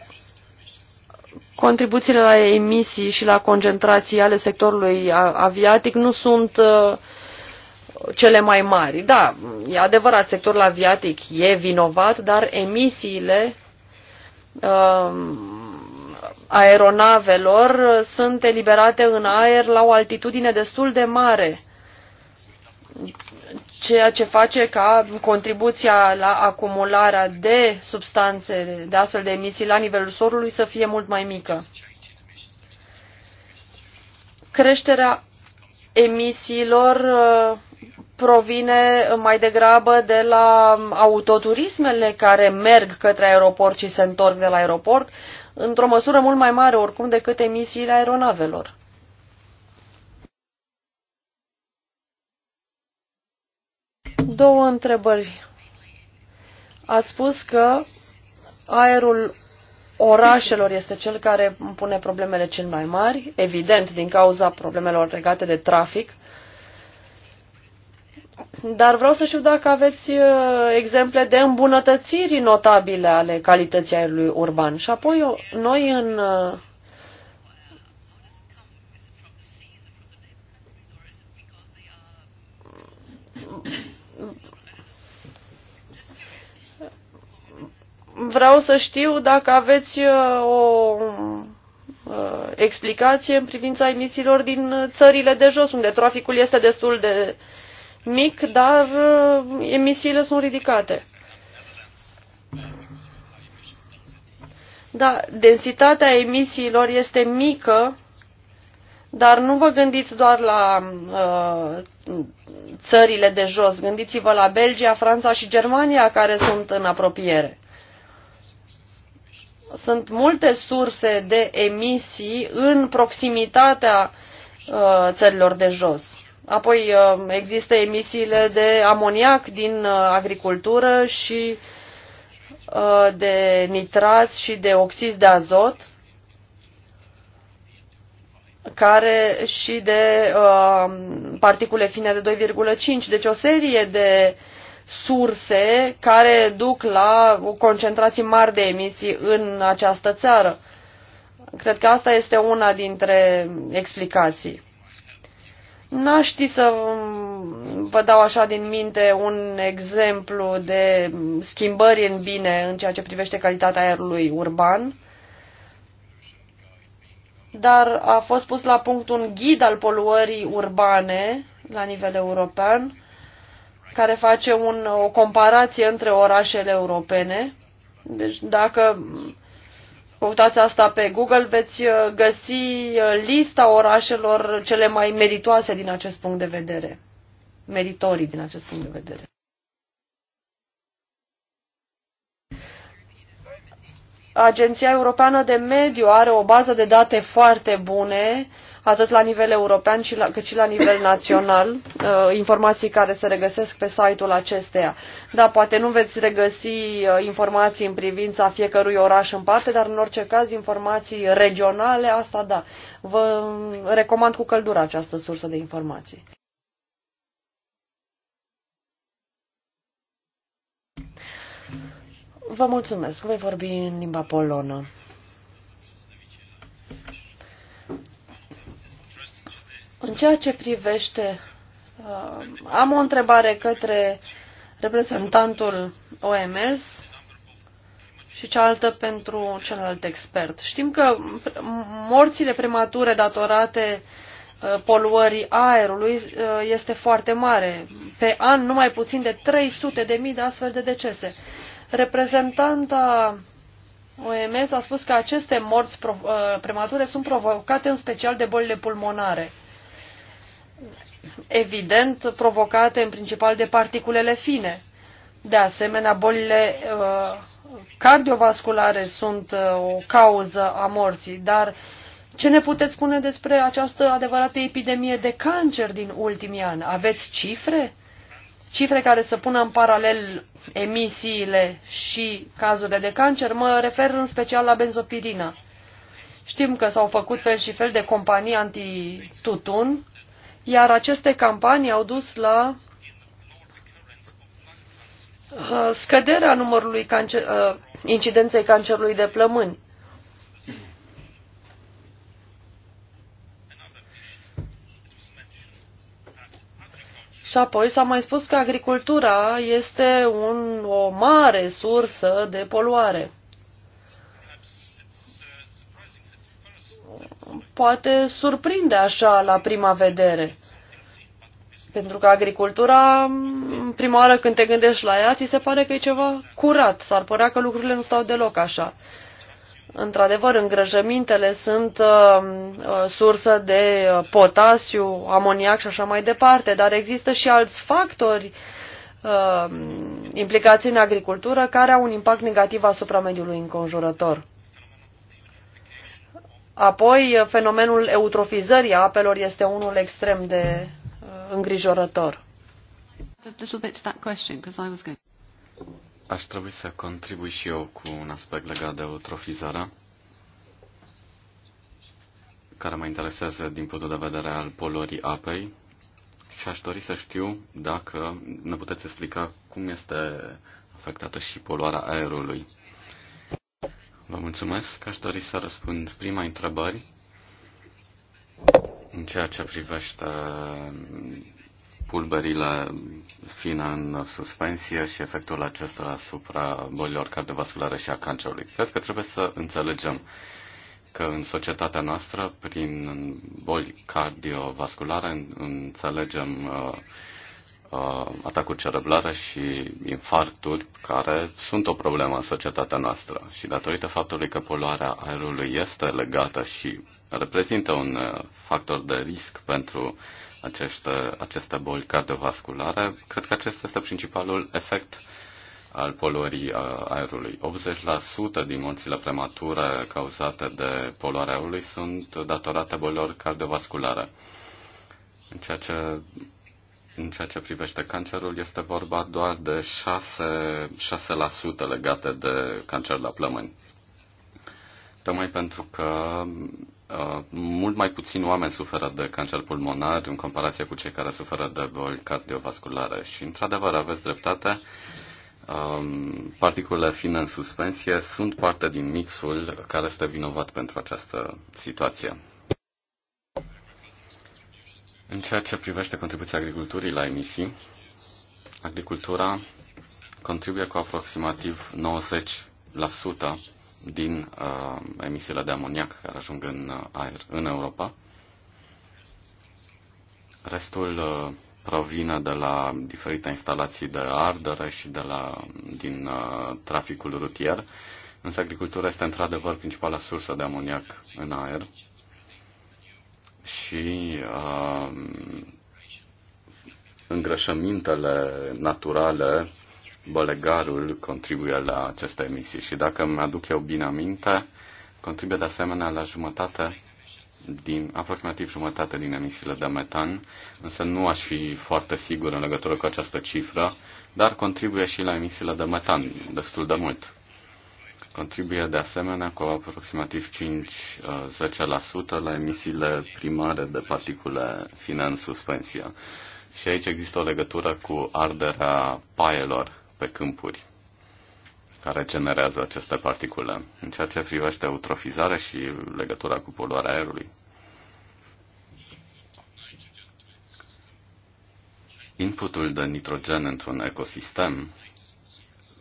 contribuțiile la emisii și la concentrații ale sectorului aviatic nu sunt uh, cele mai mari. Da, e adevărat, sectorul aviatic e vinovat, dar emisiile um, aeronavelor sunt eliberate în aer la o altitudine destul de mare ceea ce face ca contribuția la acumularea de substanțe, de astfel de emisii la nivelul solului să fie mult mai mică. Creșterea emisiilor uh, provine mai degrabă de la autoturismele care merg către aeroport și se întorc de la aeroport, într-o măsură mult mai mare oricum decât emisiile aeronavelor. două întrebări. Ați spus că aerul orașelor este cel care pune problemele cel mai mari, evident din cauza problemelor legate de trafic. Dar vreau să știu dacă aveți uh, exemple de îmbunătățiri notabile ale calității aerului urban. Și apoi noi în uh, vreau să știu dacă aveți uh, o uh, explicație în privința emisiilor din țările de jos, unde traficul este destul de mic, dar uh, emisiile sunt ridicate. Da, densitatea emisiilor este mică, dar nu vă gândiți doar la uh, țările de jos, gândiți-vă la Belgia, Franța și Germania care sunt în apropiere sunt multe surse de emisii în proximitatea uh, țărilor de jos. Apoi uh, există emisiile de amoniac din uh, agricultură și uh, de nitrați și de oxizi de azot care și de uh, particule fine de 2,5. Deci o serie de uh, surse care duc la concentrații mari de emisii în această țară. Cred că asta este una dintre explicații. N-aș ști să vă dau așa din minte un exemplu de schimbări în bine în ceea ce privește calitatea aerului urban, dar a fost pus la punct un ghid al poluării urbane la nivel european, care face un, o comparație între orașele europene. Deci dacă căutați asta pe Google, veți uh, găsi uh, lista orașelor cele mai meritoase din acest punct de vedere. Meritorii din acest punct de vedere. Agenția Europeană de Mediu are o bază de date foarte bune atât la nivel european cât și la nivel național, uh, informații care se regăsesc pe site-ul acesteia. Da, poate nu veți regăsi uh, informații în privința fiecărui oraș în parte, dar în orice caz informații regionale, asta da. Vă recomand cu căldură această sursă de informații. Vă mulțumesc. Voi vorbi în limba polonă. În ceea ce privește, uh, am o întrebare către reprezentantul OMS și cealaltă pentru celălalt expert. Știm că morțile premature datorate uh, poluării aerului uh, este foarte mare. Pe an, numai puțin de 300 de mii de astfel de decese. Reprezentanta OMS a spus că aceste morți premature sunt provocate în special de bolile pulmonare evident provocate în principal de particulele fine. De asemenea, bolile uh, cardiovasculare sunt uh, o cauză a morții, dar ce ne puteți spune despre această adevărată epidemie de cancer din ultimii ani? Aveți cifre? Cifre care să pună în paralel emisiile și cazurile de cancer? Mă refer în special la benzopirină. Știm că s-au făcut fel și fel de companii anti-tutun iar aceste campanii au dus la uh, scăderea numărului cancer, uh, incidenței cancerului de plămâni. Și apoi s-a mai spus că agricultura este un, o mare sursă de poluare. poate surprinde așa la prima vedere. Pentru că agricultura, prima oară când te gândești la ea, ți se pare că e ceva curat. S-ar părea că lucrurile nu stau deloc așa. Într-adevăr, îngrăjămintele sunt uh, uh, sursă de uh, potasiu, amoniac și așa mai departe, dar există și alți factori uh, implicați în agricultură care au un impact negativ asupra mediului înconjurător. Apoi, fenomenul eutrofizării apelor este unul extrem de uh, îngrijorător. Aș trebui să contribui și eu cu un aspect legat de eutrofizarea care mă interesează din punctul de vedere al poluării apei și aș dori să știu dacă ne puteți explica cum este afectată și poluarea aerului. Vă mulțumesc. Aș dori să răspund prima întrebări în ceea ce privește pulberile fine în suspensie și efectul acesta asupra bolilor cardiovasculare și a cancerului. Cred că trebuie să înțelegem că în societatea noastră, prin boli cardiovasculare, înțelegem uh, uh, atacuri cerebrale și infarcturi, care sunt o problemă în societatea noastră. Și datorită faptului că poluarea aerului este legată și reprezintă un factor de risc pentru aceste, aceste boli cardiovasculare, cred că acesta este principalul efect al poluării aerului. 80% din morțile premature cauzate de poluarea aerului sunt datorate bolilor cardiovasculare. În ceea ce în ceea ce privește cancerul, este vorba doar de 6%, 6% legate de cancer la plămâni. Tocmai pentru că uh, mult mai puțin oameni suferă de cancer pulmonar în comparație cu cei care suferă de boli cardiovasculare. Și, într-adevăr, aveți dreptate, um, particulele fine în suspensie sunt parte din mixul care este vinovat pentru această situație. În ceea ce privește contribuția agriculturii la emisii, agricultura contribuie cu aproximativ 90% din uh, emisiile de amoniac care ajung în uh, aer în Europa. Restul uh, provine de la diferite instalații de ardere și de la, din uh, traficul rutier, însă agricultura este într-adevăr principala sursă de amoniac în aer și uh, îngrășămintele naturale, bălegarul contribuie la aceste emisii. Și dacă îmi aduc eu bine aminte, contribuie de asemenea la jumătate din aproximativ jumătate din emisiile de metan, însă nu aș fi foarte sigur în legătură cu această cifră, dar contribuie și la emisiile de metan destul de mult contribuie de asemenea cu aproximativ 5-10% uh, la emisiile primare de particule fine în suspensie. Și aici există o legătură cu arderea paielor pe câmpuri care generează aceste particule. În ceea ce privește eutrofizarea și legătura cu poluarea aerului, inputul de nitrogen într-un ecosistem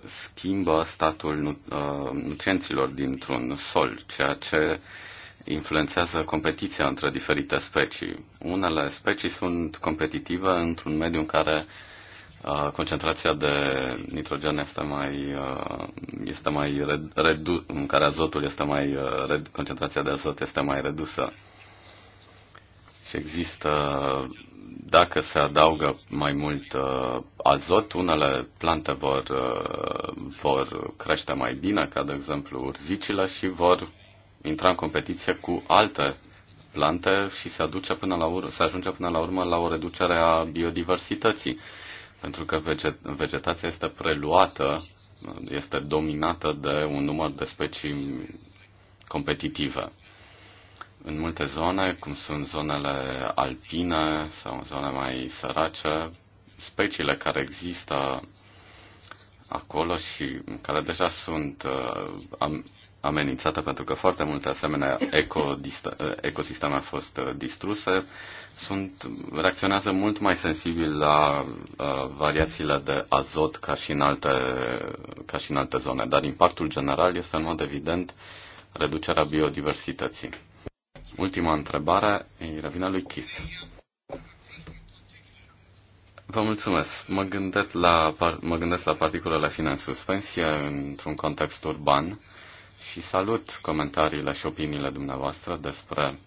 schimbă statul uh, nutrienților dintr-un sol, ceea ce influențează competiția între diferite specii. Unele specii sunt competitive într-un mediu în care uh, concentrația de nitrogen este mai, uh, este mai redu- în care azotul este mai, concentrația de azot este mai redusă și există, dacă se adaugă mai mult uh, azot, unele plante vor, uh, vor crește mai bine, ca de exemplu urzicile, și vor intra în competiție cu alte plante și se, aduce până la urmă, se ajunge până la urmă la o reducere a biodiversității, pentru că vegetația este preluată, este dominată de un număr de specii competitive. În multe zone, cum sunt zonele alpine sau zone mai sărace, speciile care există acolo și care deja sunt uh, amenințate pentru că foarte multe asemenea uh, ecosisteme au fost uh, distruse, sunt, reacționează mult mai sensibil la uh, variațiile de azot ca și, în alte, ca și în alte zone, dar impactul general este în mod evident reducerea biodiversității. Ultima întrebare îi revine lui Keith. Vă mulțumesc. Mă gândesc la, mă gândesc la particulele fine în suspensie într-un context urban și salut comentariile și opiniile dumneavoastră despre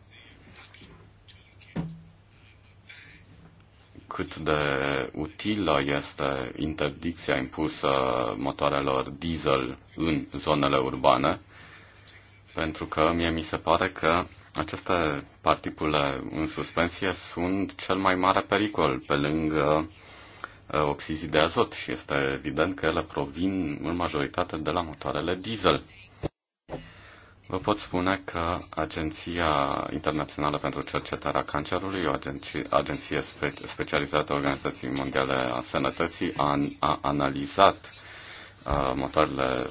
cât de utilă este interdicția impusă motoarelor diesel în zonele urbane, pentru că mie mi se pare că aceste particule în suspensie sunt cel mai mare pericol pe lângă uh, oxizii de azot și este evident că ele provin în majoritate de la motoarele diesel. Vă pot spune că Agenția Internațională pentru Cercetarea Cancerului, o agenție, agenție spe, specializată a Organizației Mondiale a Sănătății, a, a analizat motoarele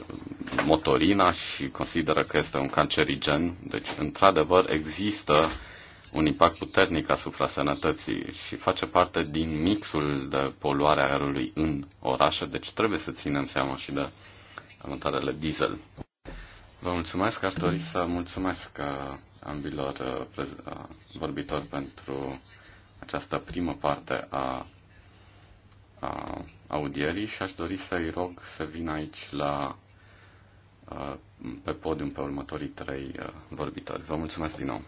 motorina și consideră că este un cancerigen. Deci, într-adevăr, există un impact puternic asupra sănătății și face parte din mixul de poluare a aerului în orașe, deci trebuie să ținem seama și de motoarele diesel. Vă mulțumesc, aș dori să mulțumesc ambilor vorbitori pentru această primă parte a, a audierii și aș dori să-i rog să vină aici la uh, pe podium pe următorii trei uh, vorbitori. Vă mulțumesc din nou!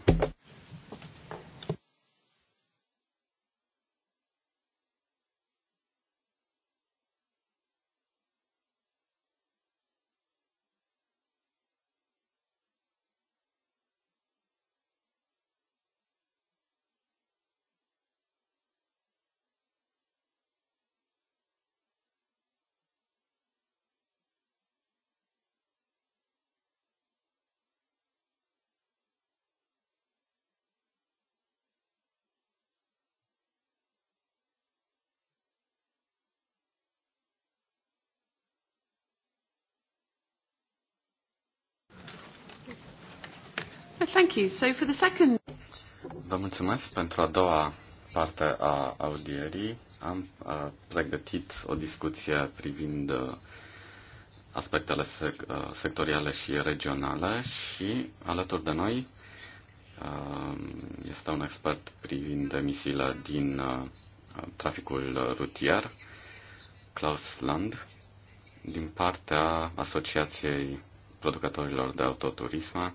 So for the second... Vă mulțumesc pentru a doua parte a audierii. Am a, pregătit o discuție privind aspectele sec, a, sectoriale și regionale și alături de noi a, este un expert privind emisiile din a, traficul rutier, Klaus Land, din partea Asociației Producătorilor de Autoturisme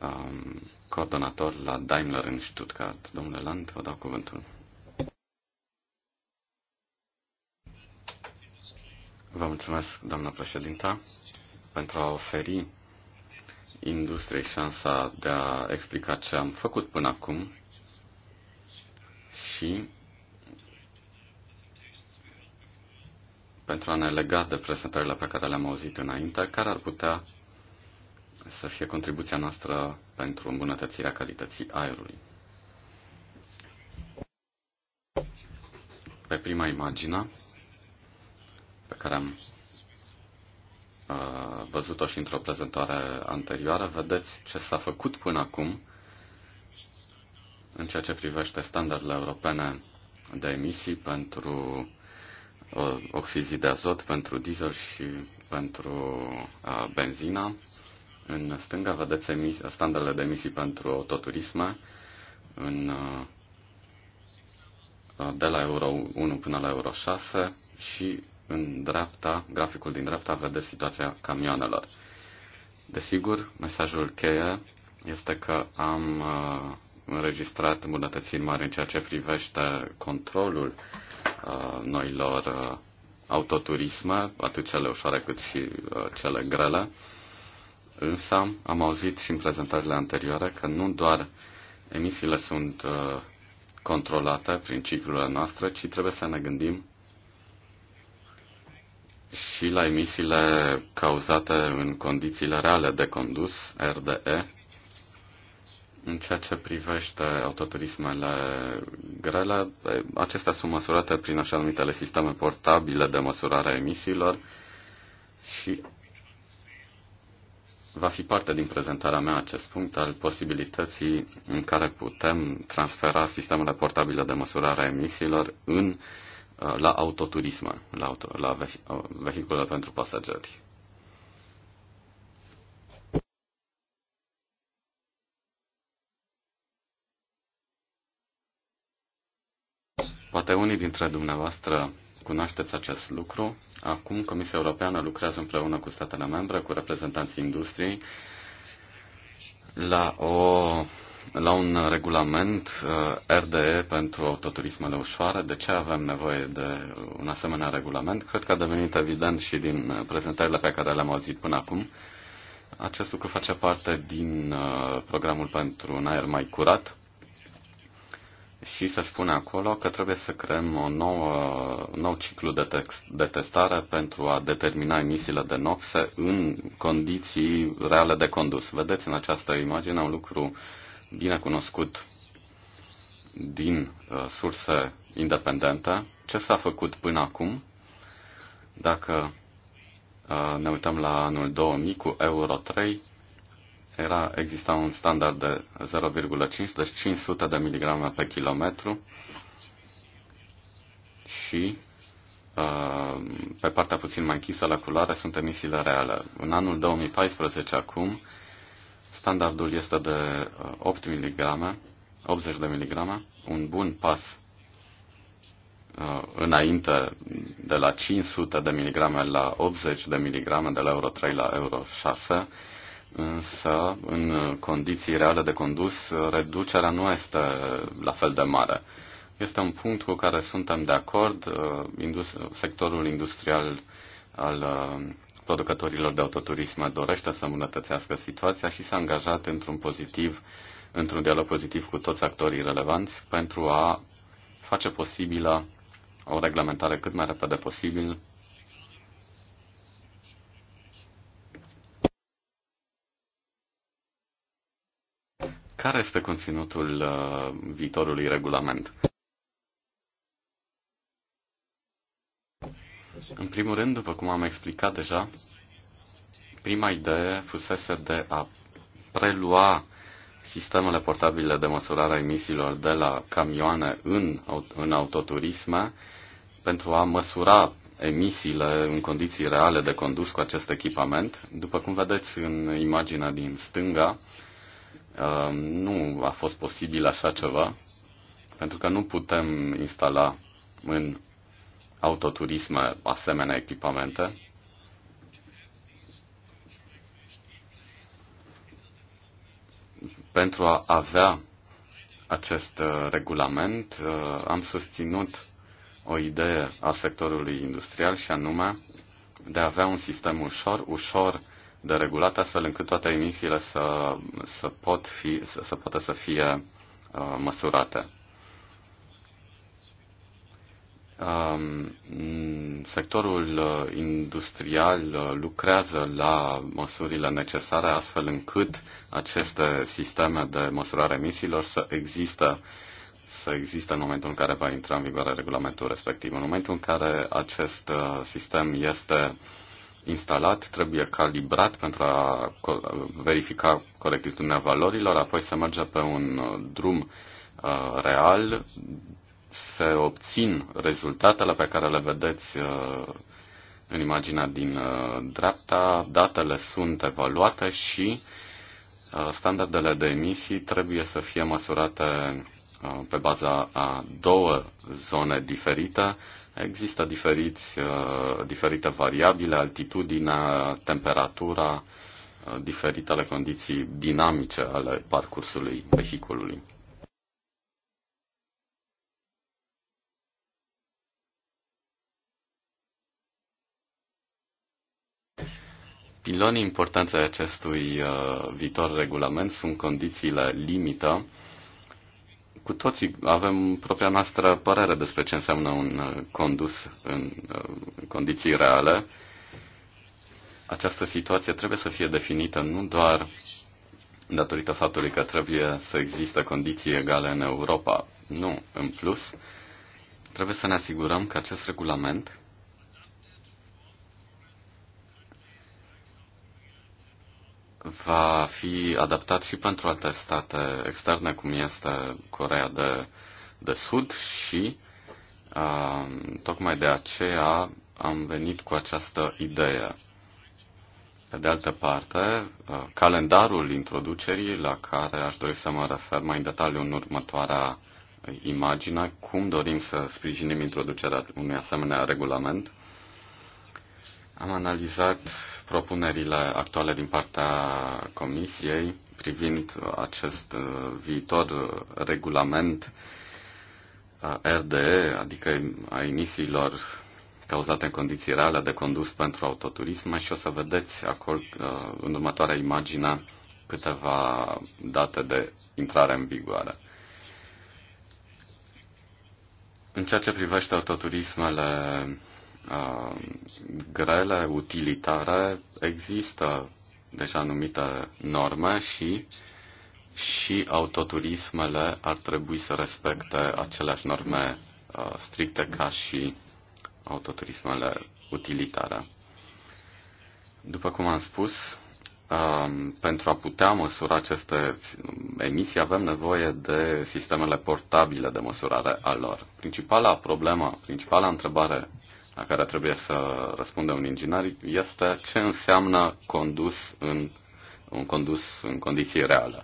um, coordonator la Daimler în Stuttgart. Domnule Land, vă dau cuvântul. Vă mulțumesc, doamna președinta, pentru a oferi industriei șansa de a explica ce am făcut până acum și pentru a ne lega de prezentările pe care le-am auzit înainte, care ar putea să fie contribuția noastră pentru îmbunătățirea calității aerului. Pe prima imagine pe care am uh, văzut-o și într-o prezentare anterioară, vedeți ce s-a făcut până acum în ceea ce privește standardele europene de emisii pentru uh, oxizii de azot, pentru diesel și pentru uh, benzina. În stânga vedeți emis- standardele de emisii pentru autoturisme în, uh, de la Euro 1 până la Euro 6 și în dreapta, graficul din dreapta, vedeți situația camioanelor. Desigur, mesajul cheie este că am uh, înregistrat îmbunătățiri mari în ceea ce privește controlul uh, noilor uh, autoturisme, atât cele ușoare cât și uh, cele grele. Însă am auzit și în prezentările anterioare că nu doar emisiile sunt uh, controlate prin ciclurile noastre, ci trebuie să ne gândim și la emisiile cauzate în condițiile reale de condus, RDE, în ceea ce privește autoturismele grele, acestea sunt măsurate prin așa numitele sisteme portabile de măsurare a emisiilor și va fi parte din prezentarea mea acest punct al posibilității în care putem transfera sistemele portabile de măsurare a emisiilor în, uh, la autoturisme, la, auto, la uh, vehicule pentru pasageri. Poate unii dintre dumneavoastră cunoașteți acest lucru. Acum Comisia Europeană lucrează împreună cu statele membre, cu reprezentanții industriei, la, o, la un regulament uh, RDE pentru autoturismele ușoare. De ce avem nevoie de un asemenea regulament? Cred că a devenit evident și din prezentările pe care le-am auzit până acum. Acest lucru face parte din uh, programul pentru un aer mai curat, și se spune acolo că trebuie să creăm o nouă, un nou ciclu de, tex, de testare pentru a determina emisiile de noxe în condiții reale de condus. Vedeți în această imagine un lucru bine cunoscut din uh, surse independente. Ce s-a făcut până acum? Dacă uh, ne uităm la anul 2000 cu Euro 3, era, exista un standard de 0,5, deci 500 de miligrame pe kilometru și uh, pe partea puțin mai închisă la culoare sunt emisiile reale. În anul 2014 acum, standardul este de 8 mg, 80 de mg, un bun pas uh, înainte de la 500 de miligrame la 80 de miligrame de la Euro 3 la Euro 6 însă în condiții reale de condus reducerea nu este la fel de mare. Este un punct cu care suntem de acord. Uh, sectorul industrial al uh, producătorilor de autoturisme dorește să îmbunătățească situația și s-a angajat într-un pozitiv, într-un dialog pozitiv cu toți actorii relevanți pentru a face posibilă o reglementare cât mai repede posibil Care este conținutul uh, viitorului regulament? În primul rând, după cum am explicat deja, prima idee fusese de a prelua sistemele portabile de măsurare a emisiilor de la camioane în, în autoturisme pentru a măsura emisiile în condiții reale de condus cu acest echipament. După cum vedeți în imaginea din stânga, Ehm, nu a fost posibil așa ceva, pentru că nu putem instala în autoturisme asemenea echipamente. Pentru a avea acest uh, regulament, uh, am susținut o idee a sectorului industrial și anume de a avea un sistem ușor, ușor de regulat, astfel încât toate emisiile să, să, pot fi, să, să poată să fie uh, măsurate. Um, sectorul uh, industrial uh, lucrează la măsurile necesare astfel încât aceste sisteme de măsurare emisiilor să există să există în momentul în care va intra în vigoare regulamentul respectiv. În momentul în care acest uh, sistem este instalat trebuie calibrat pentru a verifica corectitudinea valorilor, apoi se merge pe un uh, drum uh, real, se obțin rezultatele pe care le vedeți uh, în imaginea din dreapta, datele sunt evaluate și standardele de emisii trebuie să fie măsurate pe baza a două zone diferite, Există diferiți, uh, diferite variabile, altitudinea, temperatura, uh, diferitele condiții dinamice ale parcursului vehiculului. Pilonii importanței acestui uh, viitor regulament sunt condițiile limită cu toții avem propria noastră părere despre ce înseamnă un uh, condus în uh, condiții reale. Această situație trebuie să fie definită nu doar datorită faptului că trebuie să există condiții egale în Europa. Nu, în plus, trebuie să ne asigurăm că acest regulament va fi adaptat și pentru alte state externe, cum este Corea de, de Sud și uh, tocmai de aceea am venit cu această idee. Pe de altă parte, uh, calendarul introducerii la care aș dori să mă refer mai în detaliu în următoarea imagine, cum dorim să sprijinim introducerea unui asemenea regulament. Am analizat propunerile actuale din partea Comisiei privind acest uh, viitor uh, regulament uh, RDE, adică a emisiilor cauzate în condiții reale de condus pentru autoturism și o să vedeți acolo în următoarea imagine câteva date de intrare în vigoare. În ceea ce privește autoturismele Uh, grele, utilitare, există deja anumite norme și și autoturismele ar trebui să respecte aceleași norme uh, stricte ca și autoturismele utilitare. După cum am spus, um, pentru a putea măsura aceste emisii avem nevoie de sistemele portabile de măsurare a lor. Principala problemă, principala întrebare la care trebuie să răspundă un inginer este ce înseamnă condus în, un condus în condiții reale.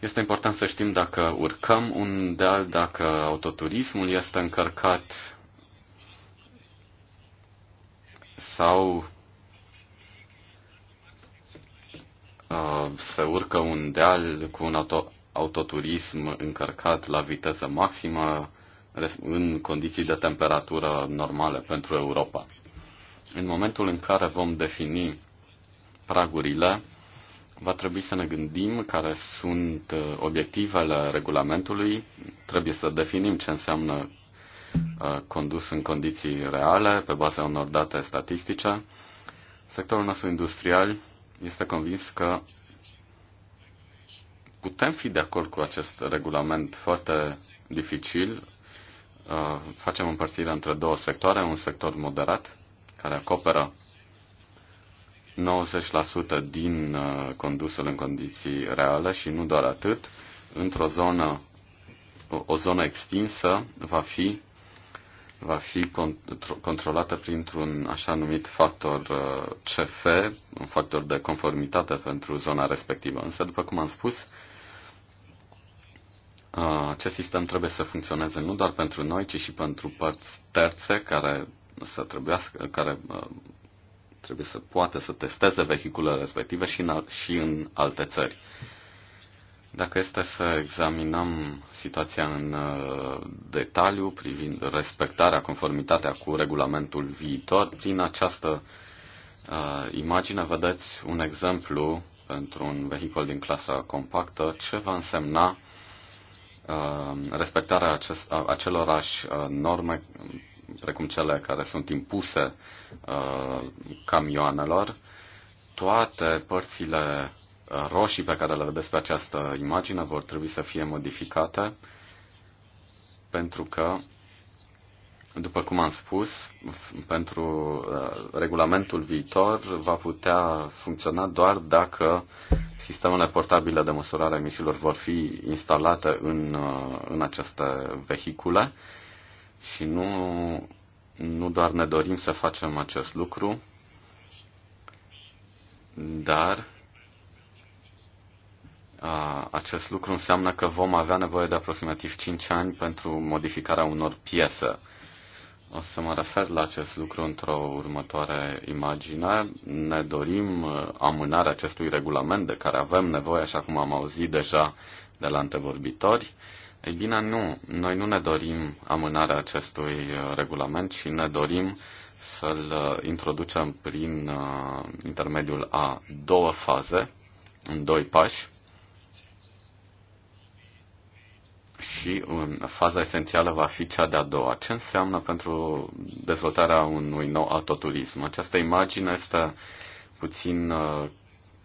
Este important să știm dacă urcăm un deal, dacă autoturismul este încărcat sau uh, se urcă un deal cu un auto, autoturism încărcat la viteză maximă, în condiții de temperatură normale pentru Europa. În momentul în care vom defini pragurile, va trebui să ne gândim care sunt uh, obiectivele regulamentului, trebuie să definim ce înseamnă uh, condus în condiții reale, pe baza unor date statistice. Sectorul nostru industrial este convins că putem fi de acord cu acest regulament foarte dificil, Uh, facem împărțirea între două sectoare, un sector moderat, care acoperă 90% din uh, condusul în condiții reale și nu doar atât, într-o zonă, o zonă extinsă va fi, va fi controlată printr-un așa numit factor uh, CF, un factor de conformitate pentru zona respectivă. Însă, după cum am spus, acest sistem trebuie să funcționeze nu doar pentru noi, ci și pentru părți terțe care să trebuiască, care trebuie să poată să testeze vehiculele respective și în, și în alte țări. Dacă este să examinăm situația în detaliu privind respectarea, conformitatea cu regulamentul viitor, prin această uh, imagine vedeți un exemplu pentru un vehicul din clasa compactă ce va însemna uh, Um, respectarea acest, acelorași uh, norme precum cele care sunt impuse uh, camioanelor, toate părțile uh, roșii pe care le vedeți pe această imagine vor trebui să fie modificate pentru că după cum am spus, pentru uh, regulamentul viitor va putea funcționa doar dacă sistemele portabile de măsurare a emisiilor vor fi instalate în, uh, în aceste vehicule și nu, nu doar ne dorim să facem acest lucru, dar uh, acest lucru înseamnă că vom avea nevoie de aproximativ 5 ani pentru modificarea unor piese o să mă refer la acest lucru într-o următoare imagine. Ne dorim uh, amânarea acestui regulament de care avem nevoie, așa cum am auzit deja de la antevorbitori. Ei bine, nu. Noi nu ne dorim amânarea acestui uh, regulament, ci ne dorim să-l uh, introducem prin intermediul a două faze, în doi pași. și faza esențială va fi cea de-a doua. Ce înseamnă pentru dezvoltarea unui nou autoturism? Această imagine este puțin uh,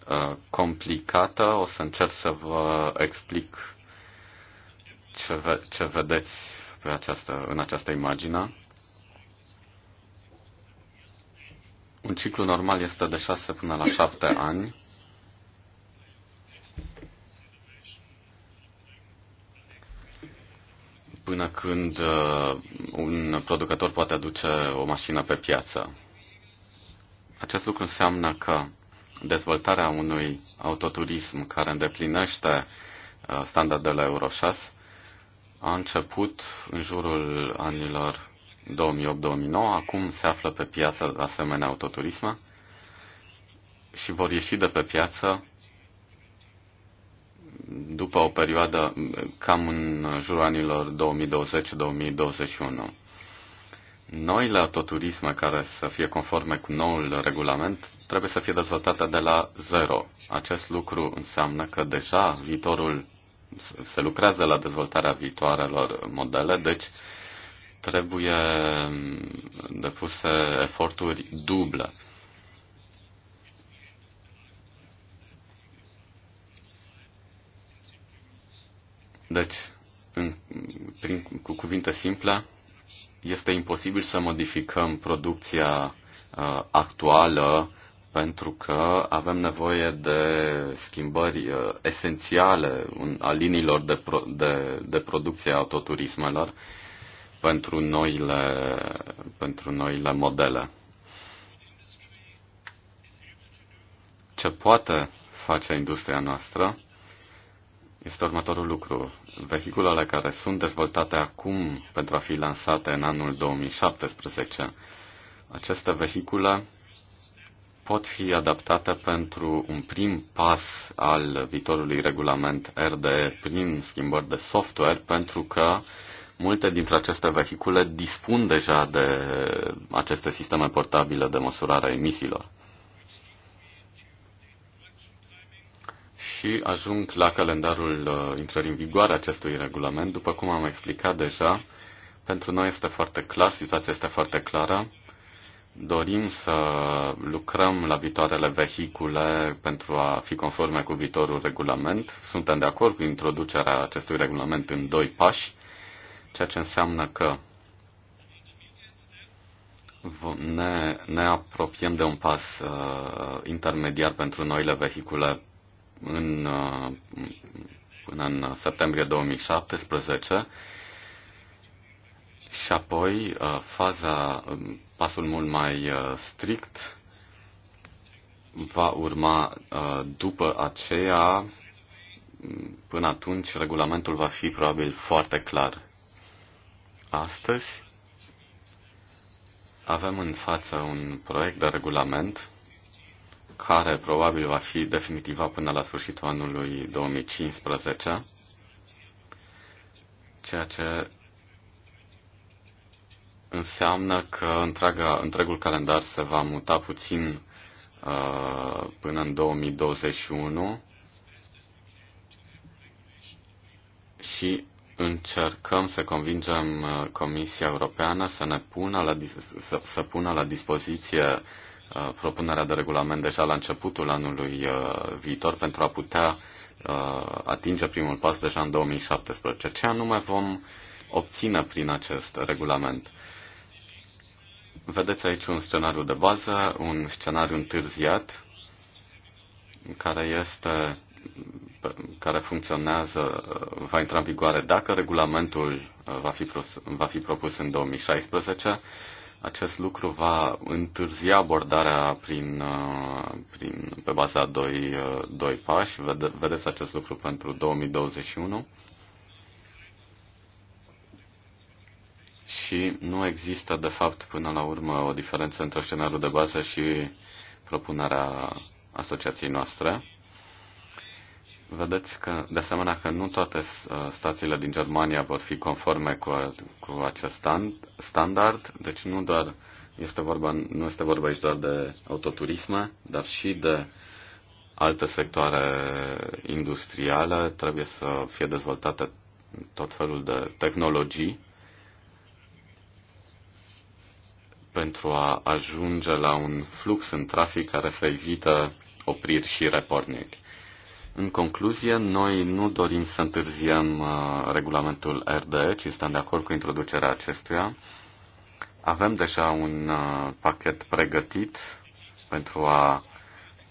uh, complicată. O să încerc să vă explic ce, ve- ce vedeți pe această, în această imagine. Un ciclu normal este de 6 până la 7 ani până când uh, un producător poate aduce o mașină pe piață. Acest lucru înseamnă că dezvoltarea unui autoturism care îndeplinește uh, standardele Euro 6 a început în jurul anilor 2008-2009, acum se află pe piață asemenea autoturisme și vor ieși de pe piață după o perioadă cam în jurul anilor 2020-2021. Noile autoturisme care să fie conforme cu noul regulament trebuie să fie dezvoltate de la zero. Acest lucru înseamnă că deja viitorul se lucrează la dezvoltarea viitoarelor modele, deci trebuie mm, depuse eforturi duble. Deci, în, prin, cu cuvinte simple, este imposibil să modificăm producția uh, actuală pentru că avem nevoie de schimbări uh, esențiale în, a liniilor de, pro, de, de producție a autoturismelor pentru noile, pentru noile modele. Ce poate face industria noastră este următorul lucru. Vehiculele care sunt dezvoltate acum pentru a fi lansate în anul 2017, aceste vehicule pot fi adaptate pentru un prim pas al viitorului regulament RDE prin schimbări de software, pentru că multe dintre aceste vehicule dispun deja de aceste sisteme portabile de măsurare a emisiilor. și ajung la calendarul uh, intrării în vigoare acestui regulament. După cum am explicat deja, pentru noi este foarte clar, situația este foarte clară. Dorim să lucrăm la viitoarele vehicule pentru a fi conforme cu viitorul regulament. Suntem de acord cu introducerea acestui regulament în doi pași, ceea ce înseamnă că ne, ne apropiem de un pas uh, intermediar pentru noile vehicule în, uh, până în septembrie 2017 și apoi uh, faza, uh, pasul mult mai strict va urma după aceea. Până atunci, regulamentul va fi probabil foarte clar. Astăzi avem în față un proiect de regulament care probabil va fi definitiva până la sfârșitul anului 2015, ceea ce înseamnă că întreaga, întregul calendar se va muta puțin uh, până în 2021 și încercăm să convingem uh, Comisia Europeană să ne pună la, să, să pună la dispoziție Uh, propunerea de regulament deja la începutul anului uh, viitor pentru a putea uh, atinge primul pas deja în 2017. Ce anume vom obține prin acest regulament? Vedeți aici un scenariu de bază, un scenariu întârziat, care este care funcționează va intra în vigoare dacă regulamentul va fi, va fi propus în 2016 acest lucru va întârzia abordarea prin, uh, prin, pe baza a doi, uh, doi pași. Vede, vedeți acest lucru pentru 2021. Și nu există, de fapt, până la urmă, o diferență între scenariul de bază și propunerea asociației noastre. Vedeți că, de asemenea, că nu toate uh, stațiile din Germania vor fi conforme cu, cu acest stand, standard, deci nu doar este vorba, nu este vorba aici doar de autoturisme, dar și de alte sectoare industriale. Trebuie să fie dezvoltate tot felul de tehnologii pentru a ajunge la un flux în trafic care să evită opriri și reporniri. În concluzie, noi nu dorim să întârziem uh, regulamentul RDE, ci stăm de acord cu introducerea acestuia. Avem deja un uh, pachet pregătit pentru a,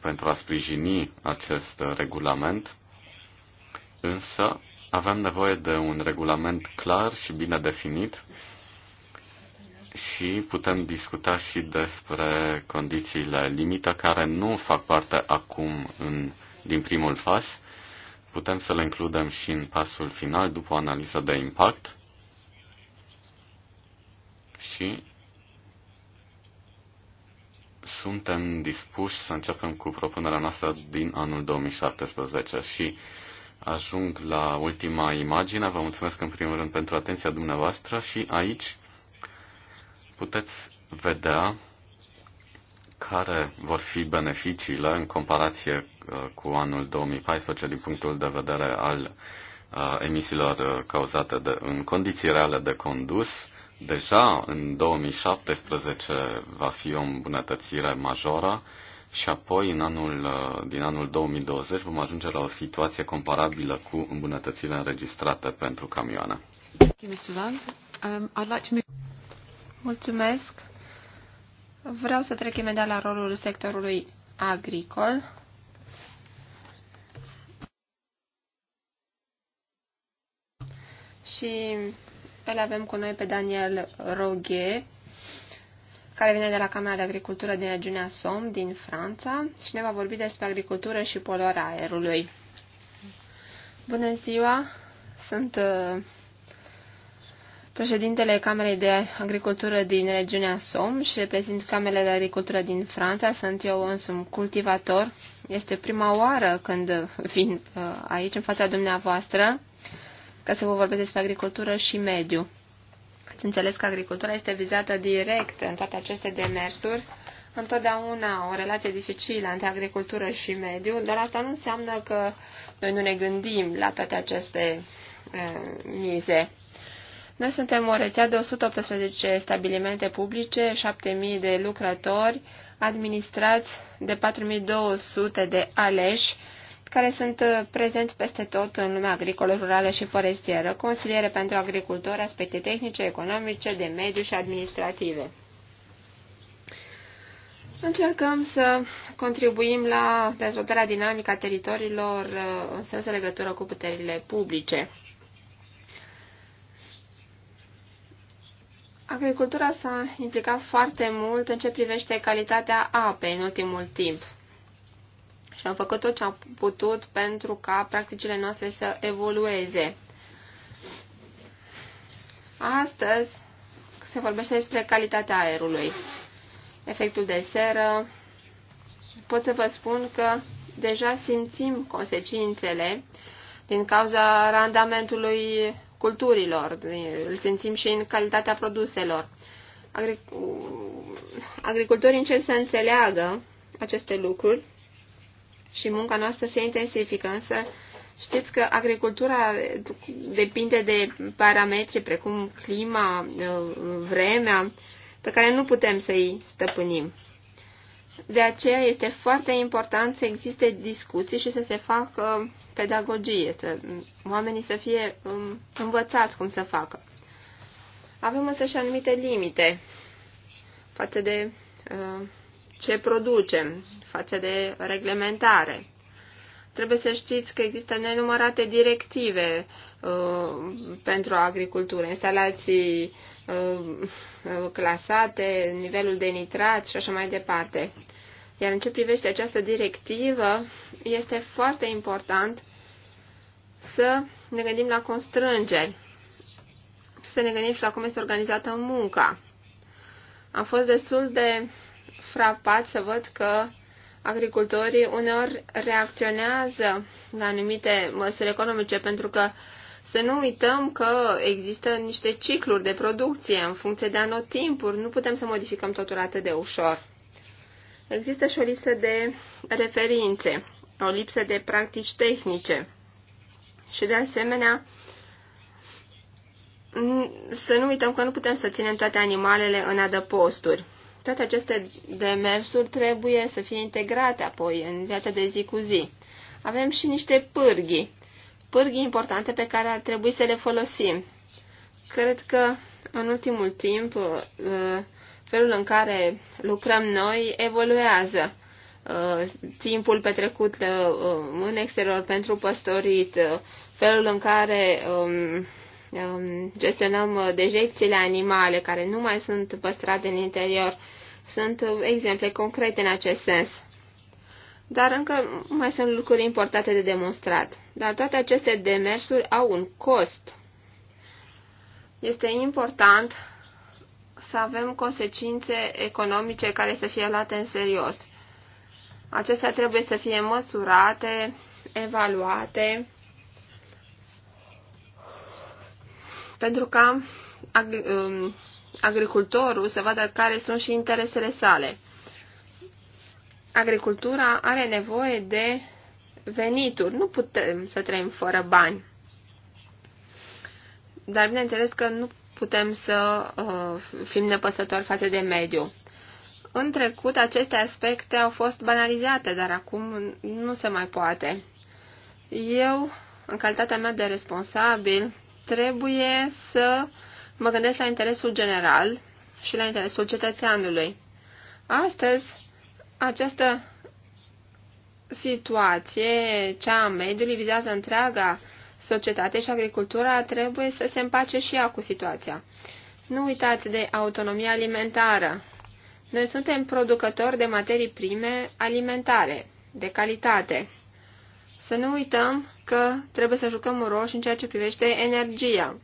pentru a sprijini acest regulament, însă avem nevoie de un regulament clar și bine definit și putem discuta și despre condițiile limită care nu fac parte acum în din primul pas. Putem să le includem și în pasul final după o analiză de impact. Și suntem dispuși să începem cu propunerea noastră din anul 2017 și ajung la ultima imagine. Vă mulțumesc în primul rând pentru atenția dumneavoastră și aici puteți vedea care vor fi beneficiile în comparație uh, cu anul 2014 din punctul de vedere al uh, emisiilor uh, cauzate de, în condiții reale de condus. Deja în 2017 va fi o îmbunătățire majoră și apoi în anul, din anul 2020 vom ajunge la o situație comparabilă cu îmbunătățirile înregistrate pentru camioane. Um, Mulțumesc. Vreau să trec imediat la rolul sectorului agricol. Și îl avem cu noi pe Daniel Roghe, care vine de la Camera de Agricultură din regiunea Somme, din Franța, și ne va vorbi despre agricultură și poluarea aerului. Bună ziua! Sunt uh, președintele Camerei de Agricultură din regiunea Somme și reprezint Camerele de Agricultură din Franța. Sunt eu însumi cultivator. Este prima oară când vin uh, aici în fața dumneavoastră ca să vă vorbesc despre agricultură și mediu. Ați înțeles că agricultura este vizată direct în toate aceste demersuri. Întotdeauna o relație dificilă între agricultură și mediu, dar asta nu înseamnă că noi nu ne gândim la toate aceste uh, mize. Noi suntem o rețea de 118 stabilimente publice, 7.000 de lucrători, administrați de 4.200 de aleși, care sunt uh, prezenți peste tot în lumea agricolă, rurală și forestieră, consiliere pentru agricultori, aspecte tehnice, economice, de mediu și administrative. Încercăm să contribuim la dezvoltarea dinamică a teritoriilor uh, în sensul legătură cu puterile publice. Agricultura s-a implicat foarte mult în ce privește calitatea apei în ultimul timp și am făcut tot ce am putut pentru ca practicile noastre să evolueze. Astăzi se vorbește despre calitatea aerului, efectul de seră. Pot să vă spun că deja simțim consecințele din cauza randamentului culturilor, îl simțim și în calitatea produselor. Agric agricultorii încep să înțeleagă aceste lucruri și munca noastră se intensifică, însă știți că agricultura depinde de parametri precum clima, vremea, pe care nu putem să i stăpânim. De aceea este foarte important să existe discuții și să se facă pedagogie, să, oamenii să fie um, învățați cum să facă. Avem însă și anumite limite față de uh, ce producem, față de reglementare. Trebuie să știți că există nenumărate directive uh, pentru agricultură, instalații uh, clasate, nivelul de nitrat și așa mai departe. Iar în ce privește această directivă, este foarte important să ne gândim la constrângeri, să ne gândim și la cum este organizată munca. Am fost destul de frapat să văd că agricultorii uneori reacționează la anumite măsuri economice, pentru că să nu uităm că există niște cicluri de producție în funcție de anotimpuri. Nu putem să modificăm totul atât de ușor. Există și o lipsă de referințe, o lipsă de practici tehnice și, de asemenea, să nu uităm că nu putem să ținem toate animalele în adăposturi. Toate aceste demersuri trebuie să fie integrate apoi în viața de zi cu zi. Avem și niște pârghii, pârghii importante pe care ar trebui să le folosim. Cred că în ultimul timp uh, felul în care lucrăm noi evoluează. Uh, timpul petrecut uh, uh, în exterior pentru păstorit, felul în care um, um, gestionăm dejecțiile animale care nu mai sunt păstrate în interior, sunt exemple concrete în acest sens. Dar încă mai sunt lucruri importante de demonstrat. Dar toate aceste demersuri au un cost. Este important să avem consecințe economice care să fie luate în serios. Acestea trebuie să fie măsurate, evaluate, pentru ca um, agricultorul să vadă care sunt și interesele sale. Agricultura are nevoie de venituri. Nu putem să trăim fără bani. Dar bineînțeles că nu putem să uh, fim nepăsători față de mediu. În trecut, aceste aspecte au fost banalizate, dar acum nu se mai poate. Eu, în calitatea mea de responsabil, trebuie să mă gândesc la interesul general și la interesul cetățeanului. Astăzi, această situație, cea a mediului, vizează întreaga societate și agricultura trebuie să se împace și ea cu situația. Nu uitați de autonomia alimentară. Noi suntem producători de materii prime alimentare, de calitate. Să nu uităm că trebuie să jucăm un rol și în ceea ce privește energia.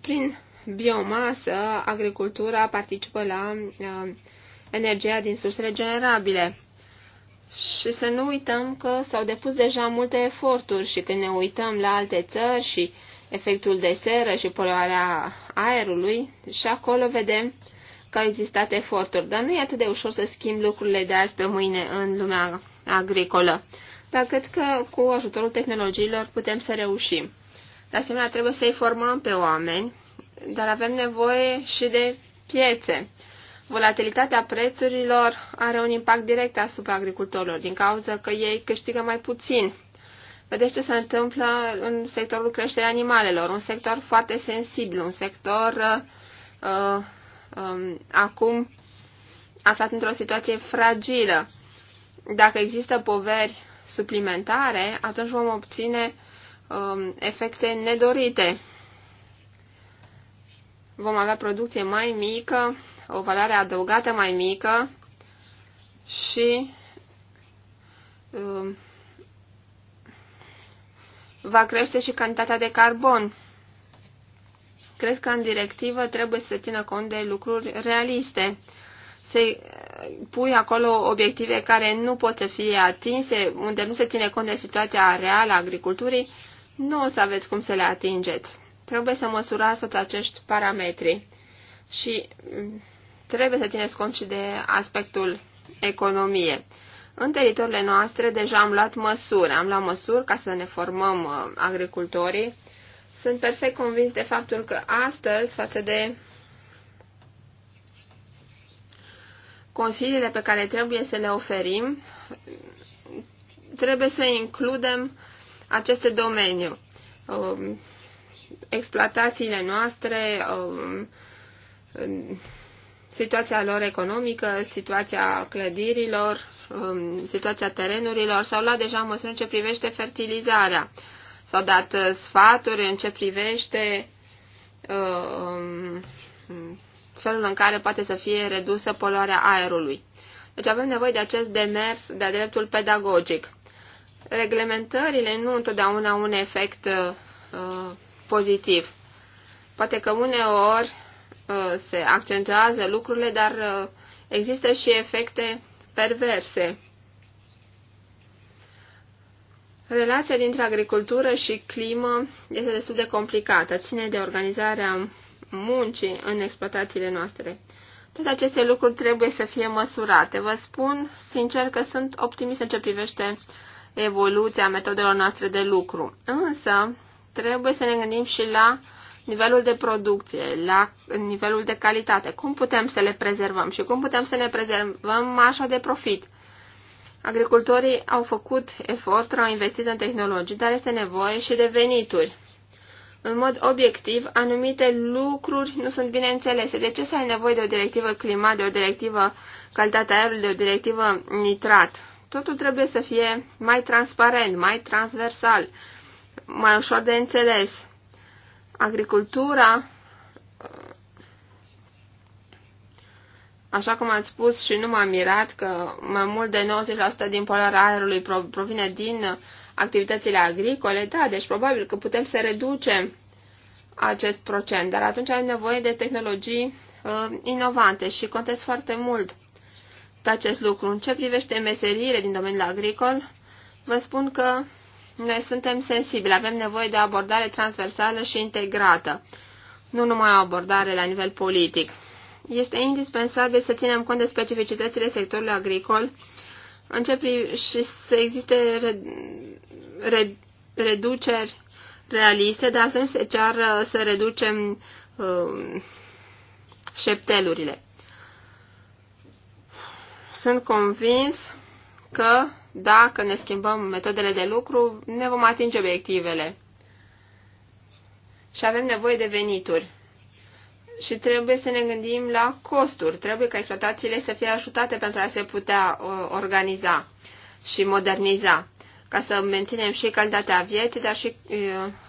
Prin biomasă, agricultura participă la uh, energia din surse regenerabile. Și să nu uităm că s-au depus deja multe eforturi și când ne uităm la alte țări și efectul de seră și poluarea aerului, și acolo vedem că au existat eforturi, dar nu e atât de ușor să schimb lucrurile de azi pe mâine în lumea agricolă. Dar cred că cu ajutorul tehnologiilor putem să reușim. De asemenea, trebuie să-i formăm pe oameni, dar avem nevoie și de piețe. Volatilitatea prețurilor are un impact direct asupra agricultorilor, din cauza că ei câștigă mai puțin. Vedeți ce se întâmplă în sectorul creșterii animalelor, un sector foarte sensibil, un sector uh, um, acum aflat într-o situație fragilă. Dacă există poveri suplimentare, atunci vom obține um, efecte nedorite. Vom avea producție mai mică, o valoare adăugată mai mică și um, va crește și cantitatea de carbon. Cred că în directivă trebuie să țină cont de lucruri realiste. Să pui acolo obiective care nu pot să fie atinse, unde nu se ține cont de situația reală a agriculturii, nu o să aveți cum să le atingeți. Trebuie să măsurați toți acești parametri. Și um, trebuie să țineți cont și de aspectul economie. În teritoriile noastre deja am luat măsuri, am luat măsuri ca să ne formăm uh, agricultorii. Sunt perfect convins de faptul că astăzi, față de consiliile pe care trebuie să le oferim, trebuie să includem aceste domeniu. Um, exploatațiile noastre, um, situația lor economică, situația clădirilor, um, situația terenurilor, s-au luat deja măsuri în ce privește fertilizarea. S-au dat uh, sfaturi în ce privește uh, um, felul în care poate să fie redusă poluarea aerului. Deci avem nevoie de acest demers de-a dreptul pedagogic. Reglementările nu întotdeauna au un efect uh, uh pozitiv. Poate că uneori se accentuează lucrurile, dar uh, există și efecte perverse. Relația dintre agricultură și climă este destul de complicată, ține de organizarea muncii în exploatațiile noastre. Toate aceste lucruri trebuie să fie măsurate. Vă spun sincer că sunt optimist în ce privește evoluția metodelor noastre de lucru. Însă, trebuie să ne gândim și la nivelul de producție, la nivelul de calitate, cum putem să le prezervăm și cum putem să ne prezervăm așa de profit. Agricultorii au făcut eforturi, au investit în tehnologii, dar este nevoie și de venituri. În mod obiectiv, anumite lucruri nu sunt bine înțelese. De ce să ai nevoie de o directivă climat, de o directivă calitatea aerului, de o directivă nitrat? Totul trebuie să fie mai transparent, mai transversal, mai ușor de înțeles agricultura, așa cum ați spus și nu m-am mirat că mai mult de 90% din poluarea aerului provine din activitățile agricole, da, deci probabil că putem să reducem acest procent, dar atunci ai nevoie de tehnologii uh, inovante și contez foarte mult pe acest lucru. În ce privește meseriile din domeniul agricol, vă spun că noi suntem sensibili, avem nevoie de o abordare transversală și integrată, nu numai o abordare la nivel politic. Este indispensabil să ținem cont de specificitățile sectorului agricol în ce și să existe re- re- reduceri realiste, dar să nu se ceară să reducem uh, șeptelurile. Sunt convins că dacă ne schimbăm metodele de lucru, ne vom atinge obiectivele. Și avem nevoie de venituri. Și trebuie să ne gândim la costuri. Trebuie ca exploatațiile să fie ajutate pentru a se putea uh, organiza și moderniza, ca să menținem și calitatea vieții, dar și uh,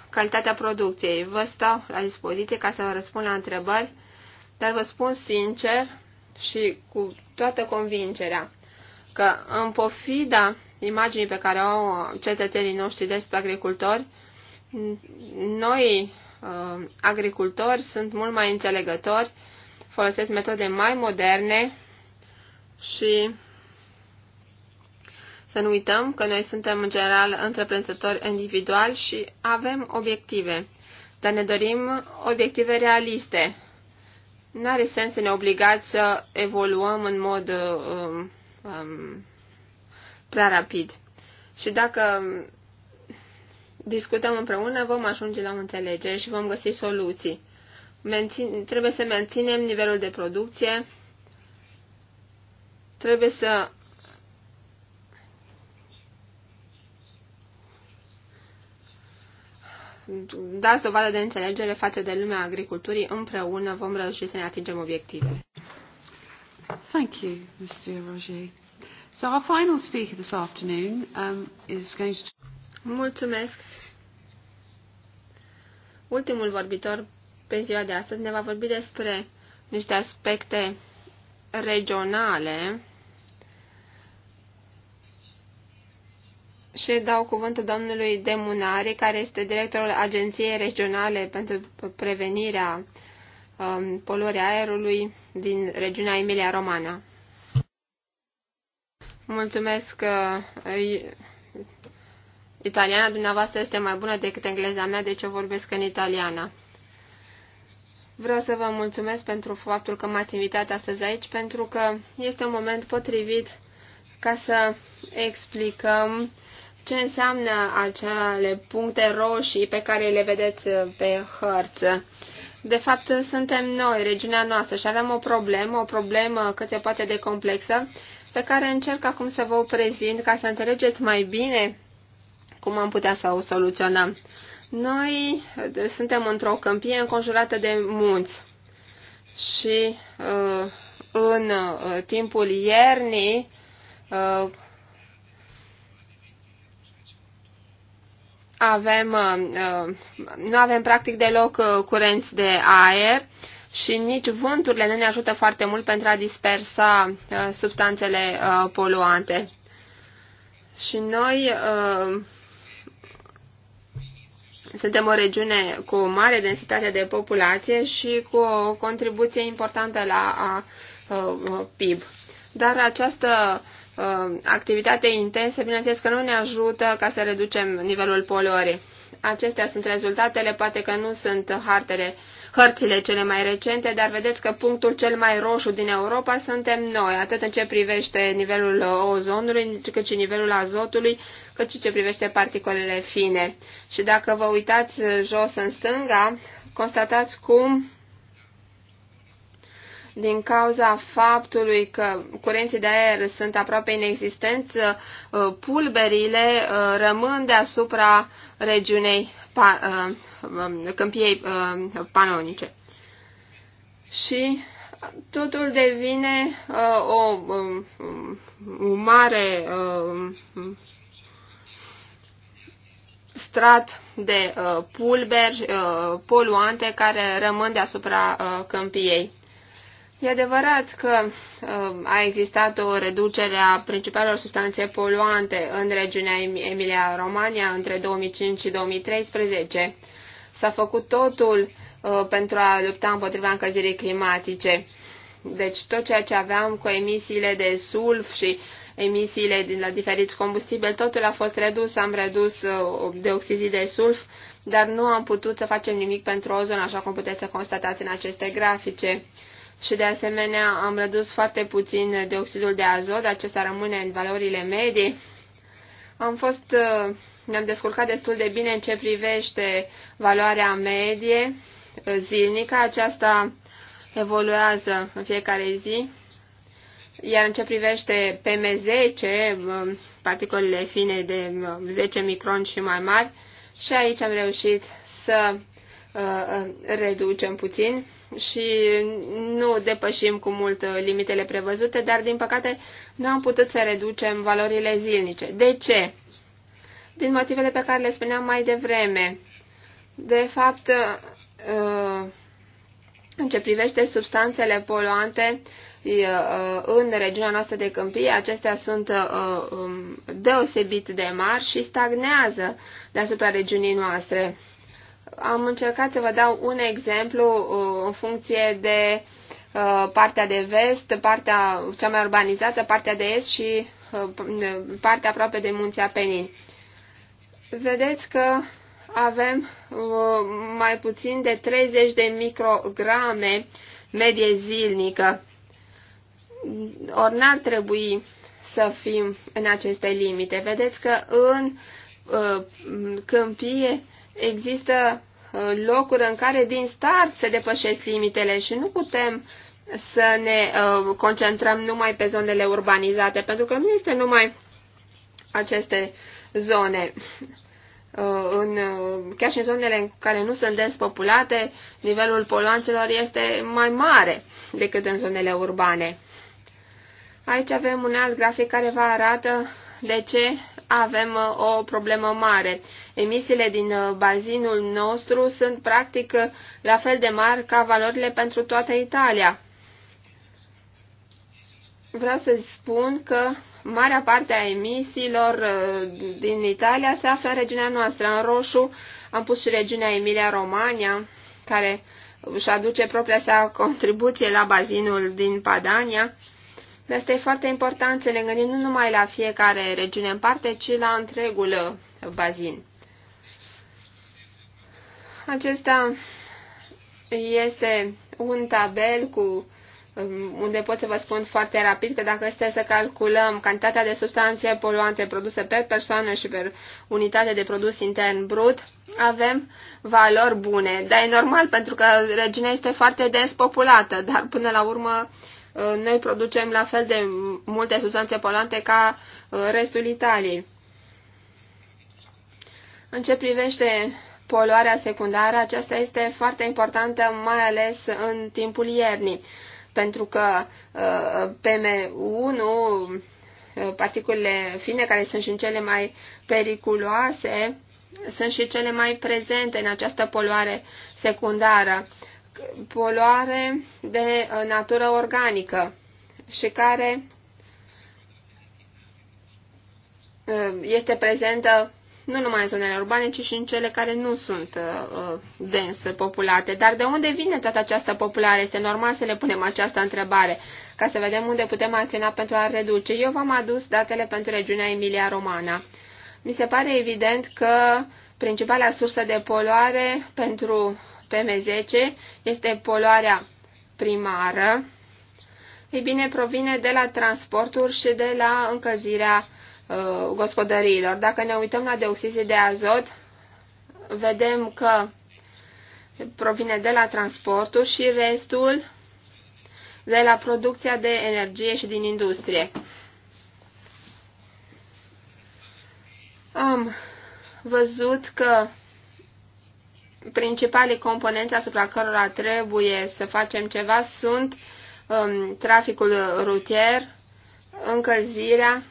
calitatea producției. Vă stau la dispoziție ca să vă răspund la întrebări, dar vă spun sincer și cu toată convingerea că în pofida imaginii pe care au cetățenii noștri despre agricultori, noi uh, agricultori sunt mult mai înțelegători, folosesc metode mai moderne și să nu uităm că noi suntem în general întreprinzători individuali și avem obiective, dar ne dorim obiective realiste. N-are sens să ne obligați să evoluăm în mod uh, um, um, prea rapid. Și dacă discutăm împreună, vom ajunge la o înțelegere și vom găsi soluții. Mențin, trebuie să menținem nivelul de producție, trebuie să dați dovadă de înțelegere față de lumea agriculturii, împreună vom reuși să ne atingem obiectivele. Thank you, Mr. Roger. So our final speaker this afternoon um, is going to... Mulțumesc. Ultimul vorbitor pe ziua de astăzi ne va vorbi despre niște aspecte regionale și dau cuvântul domnului Demunari, care este directorul Agenției Regionale pentru Prevenirea um, Poluării Aerului din regiunea Emilia-Romana. Mulțumesc că uh, italiana dumneavoastră este mai bună decât engleza mea, deci eu vorbesc în italiana. Vreau să vă mulțumesc pentru faptul că m-ați invitat astăzi aici, pentru că este un moment potrivit ca să explicăm ce înseamnă acele puncte roșii pe care le vedeți pe hărță de fapt, suntem noi, regiunea noastră, și avem o problemă, o problemă cât se poate de complexă, pe care încerc acum să vă o prezint ca să înțelegeți mai bine cum am putea să o soluționăm. Noi suntem într-o câmpie înconjurată de munți și uh, în uh, timpul iernii uh, avem, uh, nu avem practic deloc uh, curenți de aer și nici vânturile nu ne ajută foarte mult pentru a dispersa uh, substanțele poluante. Și noi suntem o regiune cu o mare densitate de populație și cu o contribuție importantă la a, a, PIB. Dar această uh, Uh, activitate intense, bineînțeles că nu ne ajută ca să reducem nivelul poluării. Acestea sunt rezultatele, poate că nu sunt hartele, hărțile cele mai recente, dar vedeți că punctul cel mai roșu din Europa suntem noi, atât în ce privește nivelul ozonului, cât și nivelul azotului, cât și ce privește particolele fine. Și dacă vă uitați jos în stânga, constatați cum din cauza faptului că curenții de aer sunt aproape inexistenți, uh, pulberile uh, rămân deasupra regiunei uh, um, câmpiei panonice. Și totul devine o, o um, um, mare strat de uh, pulberi uh, poluante care rămân deasupra uh, câmpiei E adevărat că um, a existat o reducere a principalelor substanțe poluante în regiunea emilia romania între 2005 și 2013. S-a făcut totul uh, pentru a lupta împotriva încălzirii climatice. Deci tot ceea ce aveam cu emisiile de sulf și emisiile din la diferiți combustibili, totul a fost redus. Am redus uh, dioxizii de sulf, dar nu am putut să facem nimic pentru ozon, așa cum puteți să constatați în aceste grafice și de asemenea am redus foarte puțin dioxidul de azot, acesta rămâne în valorile medii. Am fost, uh, ne-am descurcat destul de bine în ce privește valoarea medie uh, zilnică, aceasta evoluează în fiecare zi, iar în ce privește PM10, uh, particolele fine de 10 micron și mai mari, și aici am reușit să Uh, reducem puțin și nu depășim cu mult uh, limitele prevăzute, dar din păcate nu am putut să reducem valorile zilnice. De ce? Din motivele pe care le spuneam mai devreme. De fapt, uh, în ce privește substanțele poluante în regiunea noastră de câmpie, acestea sunt um, deosebit de mari și stagnează deasupra regiunii noastre. Am încercat să vă dau un exemplu uh, în funcție de uh, partea de vest, partea cea mai urbanizată, partea de est și uh, partea aproape de munții Apenini. Vedeți că avem mai puțin de 30 de micrograme medie zilnică. Ori n-ar trebui să fim în aceste limite. Vedeți că în câmpie există uh, locuri în care din start se depășesc limitele și nu putem să ne uh, concentrăm numai pe zonele urbanizate, pentru că nu este numai aceste zone. Uh, în, chiar și în zonele în care nu sunt des populate, nivelul poluanților este mai mare decât în zonele urbane. Aici avem un alt grafic care vă arată de ce avem uh, o problemă mare. Emisiile din uh, bazinul nostru sunt practic uh, la fel de mari ca valorile pentru toată Italia. Vreau să spun că marea parte a emisiilor din Italia se află în regiunea noastră. În roșu am pus și regiunea emilia romania care își aduce propria sa contribuție la bazinul din Padania de asta e foarte important să ne gândim nu numai la fiecare regiune în parte, ci la întregul uh, bazin. Acesta este un tabel cu um, unde pot să vă spun foarte rapid că dacă este să calculăm cantitatea de substanțe poluante produse per persoană și per unitate de produs intern brut, avem valori bune. Dar e normal pentru că regiunea este foarte des populată, dar până la urmă uh, Uh, noi producem la fel de multe substanțe polante ca uh, restul Italiei. În ce privește poluarea secundară, aceasta este foarte importantă, mai ales în timpul iernii, pentru că uh, PM1, particulele fine, care sunt și cele mai periculoase, sunt și cele mai prezente în această poluare secundară poluare de uh, natură organică și care uh, este prezentă nu numai în zonele urbane, ci și în cele care nu sunt uh, uh, dens populate. Dar de unde vine toată această populare? Este normal să le punem această întrebare, ca să vedem unde putem acționa pentru a reduce. Eu v-am adus datele pentru regiunea Emilia-Romana. Mi se pare evident că principala sursă de poluare pentru PM10 este poluarea primară. Ei bine, provine de la transporturi și de la încălzirea uh, gospodăriilor. Dacă ne uităm la dioxizii de azot, vedem că provine de la transporturi și restul de la producția de energie și din industrie. Am văzut că principalii componenți asupra cărora trebuie să facem ceva sunt um, traficul rutier, încălzirea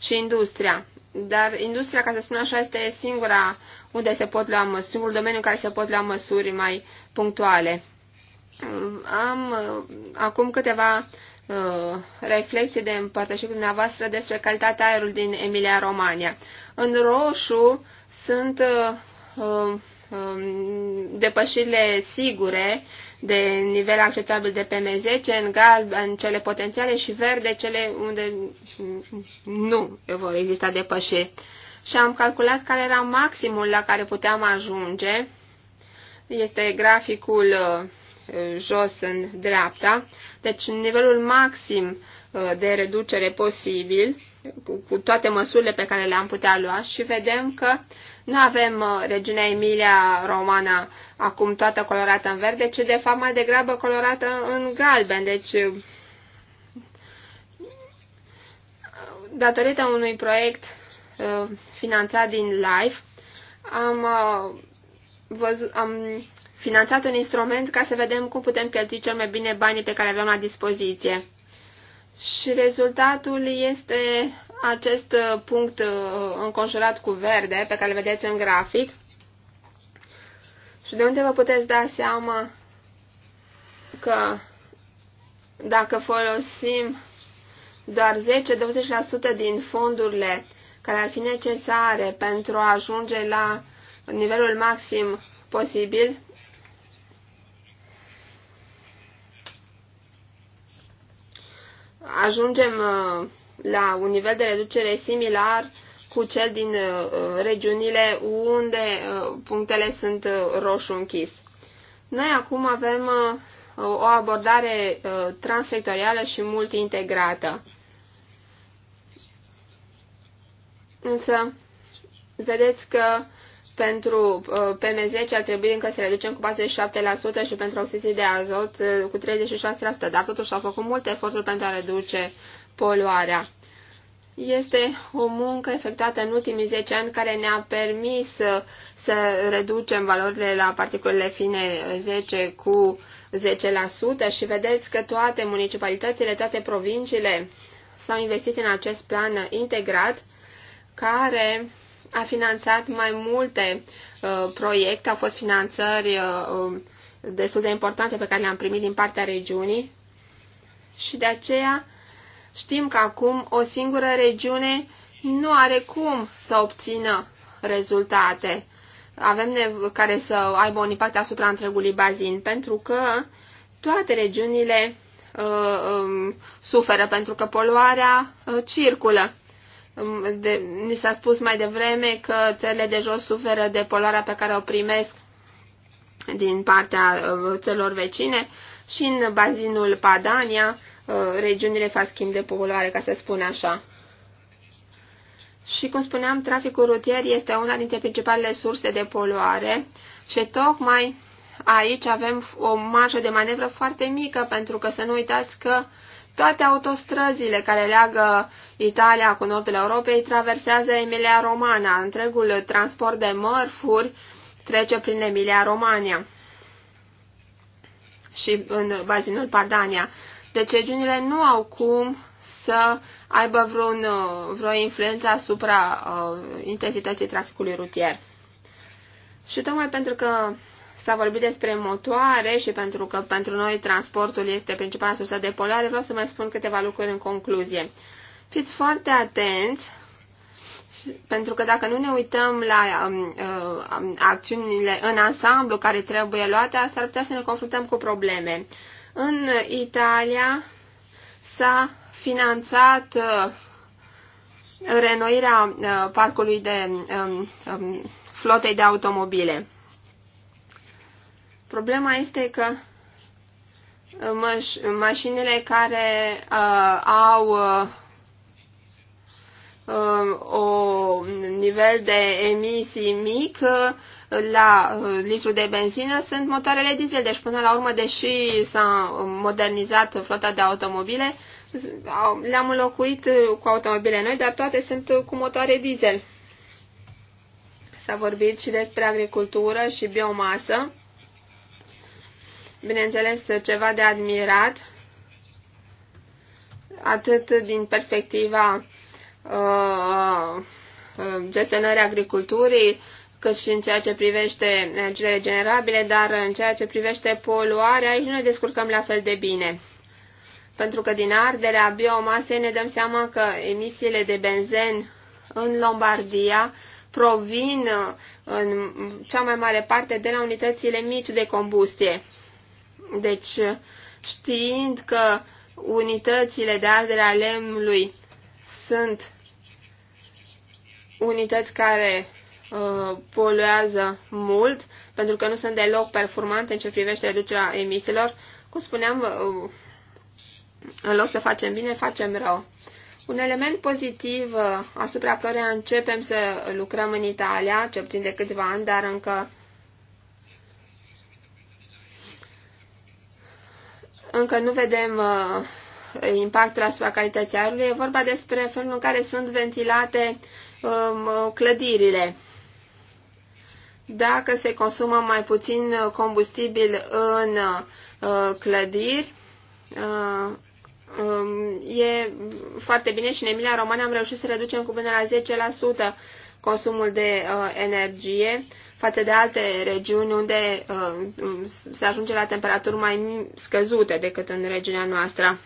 și industria. Dar industria, ca să spun așa, este singura unde se pot lua măsuri, singurul domeniu în care se pot lua măsuri mai punctuale. Am uh, acum câteva uh, reflexii de împărtășit cu dumneavoastră despre calitatea aerului din Emilia-Romania. În roșu sunt uh, uh, Um, depășirile sigure de nivel acceptabil de PM10, în galben cele potențiale și verde cele unde nu vor exista depășiri. Și am calculat care era maximul la care puteam ajunge. Este graficul uh, jos în dreapta. Deci nivelul maxim uh, de reducere posibil cu toate măsurile pe care le-am putea lua și vedem că uh, nu avem uh, regiunea Emilia-Romana acum toată colorată în verde, ci de fapt mai degrabă colorată în galben. Deci, uh, datorită unui proiect uh, finanțat din LIFE, am, văzut, am finanțat un instrument ca să vedem cum putem cheltui cel mai bine banii pe care avem la dispoziție. Și rezultatul este acest uh, punct uh, înconjurat cu verde pe care îl vedeți în grafic și de unde vă puteți da seama că dacă folosim doar 10-20% din fondurile care ar fi necesare pentru a ajunge la nivelul maxim posibil, ajungem uh, la un nivel de reducere similar cu cel din uh, regiunile unde uh, punctele sunt uh, roșu închis. Noi acum avem o abordare transsectorială și multiintegrată. Însă, vedeți că pentru PM10 ar trebui încă să reducem cu 47% și pentru oxizii de azot cu 36%, dar totuși au făcut multe eforturi pentru a reduce poluarea. Este o muncă efectuată în ultimii 10 ani care ne-a permis să, să reducem valorile la particulele fine 10 cu 10% și vedeți că toate municipalitățile, toate provinciile s-au investit în acest plan integrat care a finanțat mai multe uh, proiecte, au fost finanțări uh, um, destul de importante pe care le-am primit din partea regiunii și de aceea Știm că acum o singură regiune nu are cum să obțină rezultate avem care să aibă un impact asupra întregului bazin, pentru că toate regiunile uh, um, suferă, pentru că poluarea uh, circulă. Um, de, ni s-a spus mai devreme că țările de jos suferă de poluarea pe care o primesc din partea uh, țelor vecine și în bazinul Padania Uh, regiunile fac schimb de poluare, ca să spun așa. Și cum spuneam, traficul rutier este una dintre principalele surse de poluare și tocmai aici avem o marjă de manevră foarte mică, pentru că să nu uitați că toate autostrăzile care leagă Italia cu nordul Europei traversează Emilia Romana. Întregul transport de mărfuri trece prin Emilia Romania și în bazinul Padania. Deci regiunile nu au cum să aibă vreun, uh, vreo influență asupra uh, intensității traficului rutier. Și tocmai pentru că s-a vorbit despre motoare și pentru că pentru noi transportul este principala sursă de poluare, vreau să mai spun câteva lucruri în concluzie. Fiți foarte atenți, pentru că dacă nu ne uităm la um, uh, acțiunile în ansamblu care trebuie luate, s-ar putea să ne confruntăm cu probleme. Uh, în Italia s-a finanțat uh, renoirea uh, parcului de um, um, flotei de automobile. Problema este că uh, maș mașinile care uh, au uh, o nivel de emisii mic uh, la uh, litru de benzină sunt motoarele diesel. Deci, până la urmă, deși s-a modernizat flota de automobile, le-am înlocuit uh, cu automobile noi, dar toate sunt uh, cu motoare diesel. S-a vorbit și despre agricultură și biomasă. Bineînțeles, ceva de admirat, atât din perspectiva uh, gestionării agriculturii, cât și în ceea ce privește energiile regenerabile, dar în ceea ce privește poluarea, aici nu ne descurcăm la fel de bine. Pentru că din arderea biomasei ne dăm seama că emisiile de benzen în Lombardia provin uh, în cea mai mare parte de la unitățile mici de combustie. Deci, știind că unitățile de ardere a lemnului sunt unități care Uh, poluează mult, pentru că nu sunt deloc performante în ce privește reducerea emisiilor. Cum spuneam, uh, în loc să facem bine, facem rău. Un element pozitiv uh, asupra căreia începem să lucrăm în Italia, ce puțin de câțiva ani, dar încă încă nu vedem uh, impactul asupra calității aerului, e vorba despre felul în care sunt ventilate um, clădirile dacă se consumă mai puțin combustibil în uh, clădiri, uh, um, e foarte bine și în Emilia Romana am reușit să reducem cu până la 10% consumul de uh, energie față de alte regiuni unde um, se ajunge la temperaturi mai scăzute decât în regiunea noastră.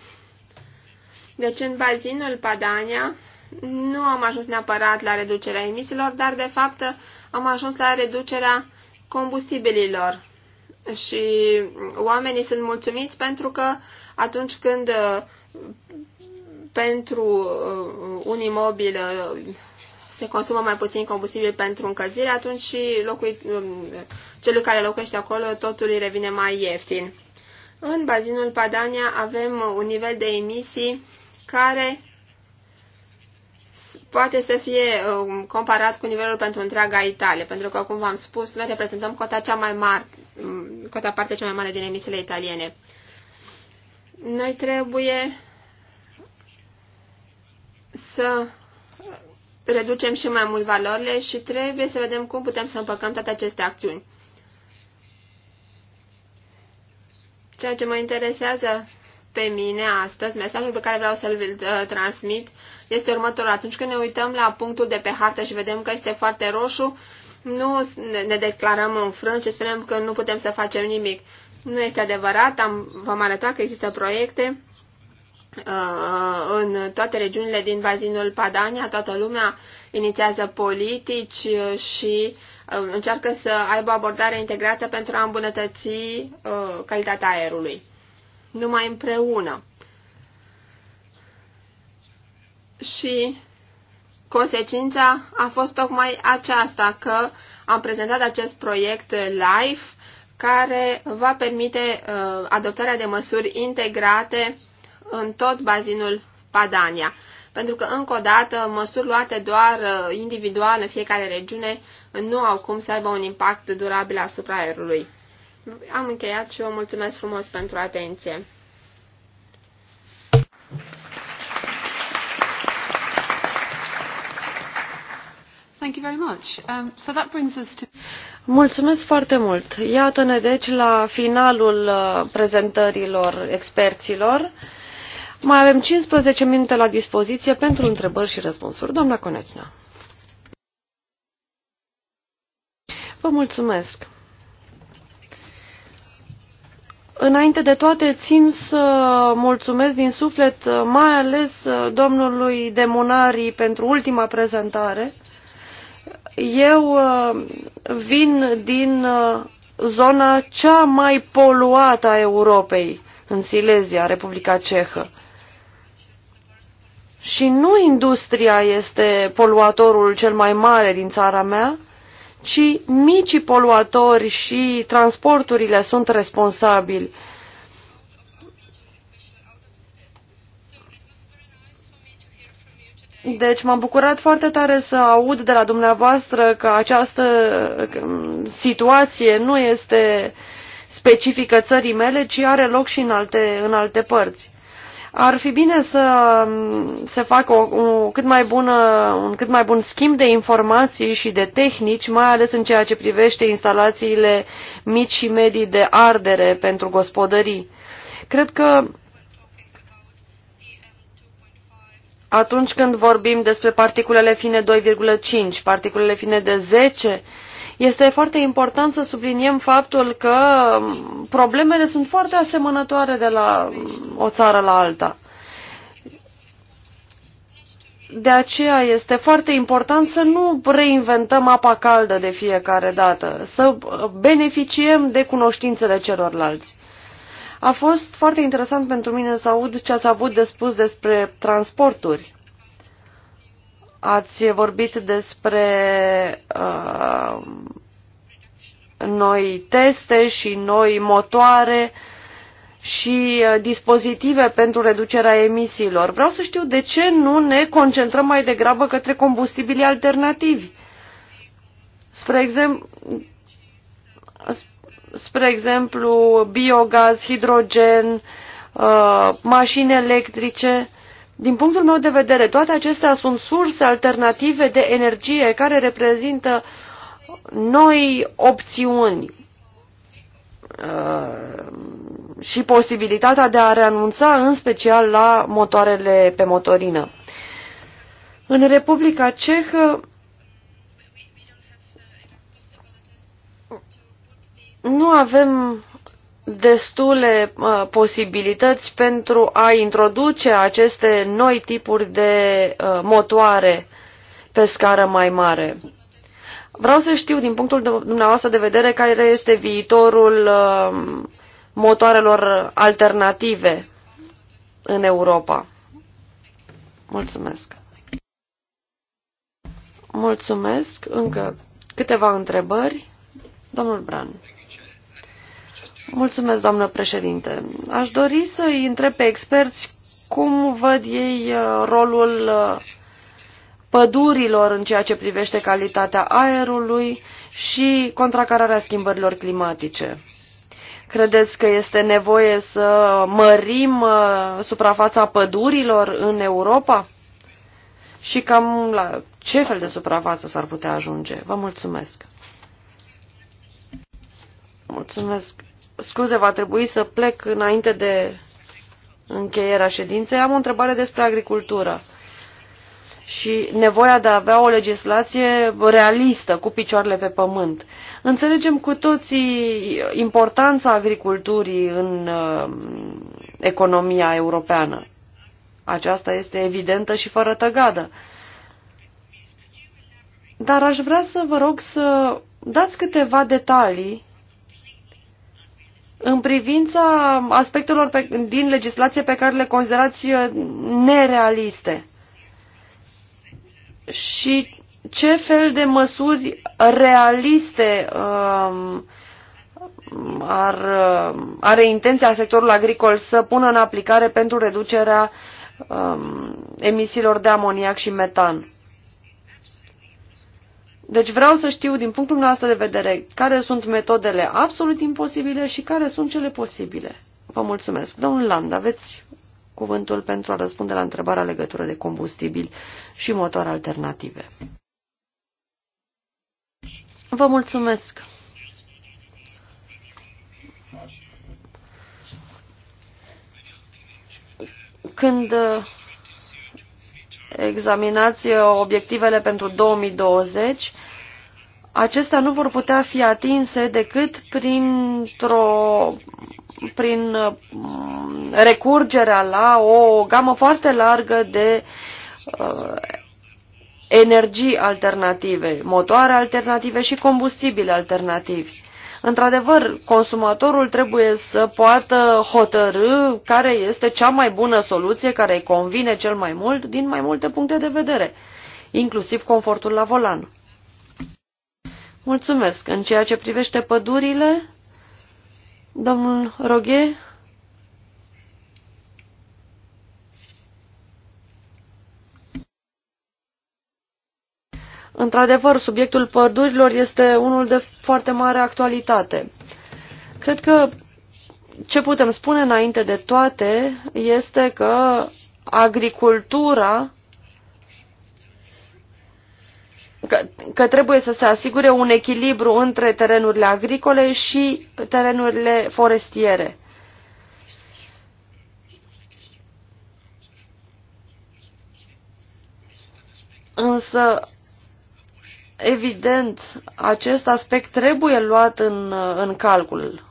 Deci în bazinul Padania nu am ajuns neapărat la reducerea emisiilor, dar de fapt am ajuns la reducerea combustibililor și oamenii sunt mulțumiți pentru că atunci când uh, pentru uh, un imobil uh, se consumă mai puțin combustibil pentru încălzire, atunci și locui, celui care locuiește acolo totul îi revine mai ieftin. În bazinul Padania avem un nivel de emisii care poate să fie um, comparat cu nivelul pentru întreaga Italie, pentru că, cum v-am spus, noi reprezentăm cota cea mai mare, um, cota parte cea mai mare din emisiile italiene. Noi trebuie să reducem și mai mult valorile și trebuie să vedem cum putem să împăcăm toate aceste acțiuni. Ceea ce mă interesează pe mine astăzi, mesajul pe care vreau să-l uh, transmit este următorul. Atunci când ne uităm la punctul de pe hartă și vedem că este foarte roșu, nu ne declarăm înfrânt și spunem că nu putem să facem nimic. Nu este adevărat, am, v-am arătat că există proiecte uh, în toate regiunile din bazinul Padania, toată lumea inițiază politici uh, și încearcă să aibă abordare integrată pentru a îmbunătăți calitatea aerului numai împreună. Și consecința a fost tocmai aceasta, că am prezentat acest proiect live care va permite uh, adoptarea de măsuri integrate în tot bazinul Padania. Pentru că, încă o dată, măsuri luate doar uh, individual în fiecare regiune nu au cum să aibă un impact durabil asupra aerului am încheiat și vă mulțumesc frumos pentru atenție. Thank you very much. Um, so that brings us to... Mulțumesc foarte mult. Iată-ne deci la finalul uh, prezentărilor experților. Mai avem 15 minute la dispoziție pentru întrebări și răspunsuri. Doamna Conecna. Vă mulțumesc. Înainte de toate, țin să mulțumesc din suflet, mai ales uh, domnului demonari pentru ultima prezentare. Eu uh, vin din uh, zona cea mai poluată a Europei, în Silesia, Republica Cehă. Și nu industria este poluatorul cel mai mare din țara mea, ci micii poluatori și transporturile sunt responsabili. Deci m-am bucurat foarte tare să aud de la dumneavoastră că această situație nu este specifică țării mele, ci are loc și în alte, în alte părți. Ar fi bine să se facă o, o cât mai bună, un cât mai bun schimb de informații și de tehnici, mai ales în ceea ce privește instalațiile mici și medii de ardere pentru gospodării. Cred că atunci când vorbim despre particulele fine 2,5, particulele fine de 10, este foarte important să subliniem faptul că problemele sunt foarte asemănătoare de la o țară la alta. De aceea este foarte important să nu reinventăm apa caldă de fiecare dată, să beneficiem de cunoștințele celorlalți. A fost foarte interesant pentru mine să aud ce ați avut de spus despre transporturi. Ați vorbit despre uh, noi teste și noi motoare și uh, dispozitive pentru reducerea emisiilor. Vreau să știu de ce nu ne concentrăm mai degrabă către combustibili alternativi. Spre exemplu, spre exemplu biogaz, hidrogen, uh, mașini electrice din punctul meu de vedere, toate acestea sunt surse alternative de energie care reprezintă noi opțiuni uh, și posibilitatea de a renunța în special la motoarele pe motorină. În Republica Cehă nu avem destule uh, posibilități pentru a introduce aceste noi tipuri de uh, motoare pe scară mai mare. Vreau să știu, din punctul dumneavoastră de vedere, care este viitorul uh, motoarelor alternative în Europa. Mulțumesc. Mulțumesc. Încă câteva întrebări. Domnul Bran. Mulțumesc, doamnă președinte. Aș dori să-i întreb pe experți cum văd ei uh, rolul uh, pădurilor în ceea ce privește calitatea aerului și contracararea schimbărilor climatice. Credeți că este nevoie să mărim uh, suprafața pădurilor în Europa? Și cam la ce fel de suprafață s-ar putea ajunge? Vă mulțumesc! Mulțumesc! scuze, va trebui să plec înainte de încheierea ședinței. Am o întrebare despre agricultură și nevoia de a avea o legislație realistă, cu picioarele pe pământ. Înțelegem cu toții importanța agriculturii în uh, economia europeană. Aceasta este evidentă și fără tăgadă. Dar aș vrea să vă rog să dați câteva detalii în privința aspectelor pe, din legislație pe care le considerați uh, nerealiste și ce fel de măsuri realiste um, ar, uh, are intenția sectorul agricol să pună în aplicare pentru reducerea um, emisiilor de amoniac și metan. Deci vreau să știu, din punctul meu de vedere, care sunt metodele absolut imposibile și care sunt cele posibile. Vă mulțumesc. Domnul Land, aveți cuvântul pentru a răspunde la întrebarea legătură de combustibili și motoare alternative. Vă mulțumesc. Când uh, examinați uh, obiectivele pentru 2020, acestea nu vor putea fi atinse decât prin uh, recurgerea la o gamă foarte largă de uh, energii alternative, motoare alternative și combustibili alternativi. Într-adevăr, consumatorul trebuie să poată hotărâ care este cea mai bună soluție care îi convine cel mai mult din mai multe puncte de vedere, inclusiv confortul la volan. Mulțumesc. În ceea ce privește pădurile, domnul Roghe, Într-adevăr, subiectul pădurilor este unul de foarte mare actualitate. Cred că ce putem spune înainte de toate este că agricultura că, că trebuie să se asigure un echilibru între terenurile agricole și terenurile forestiere. Însă Evident, acest aspect trebuie luat în, în calcul.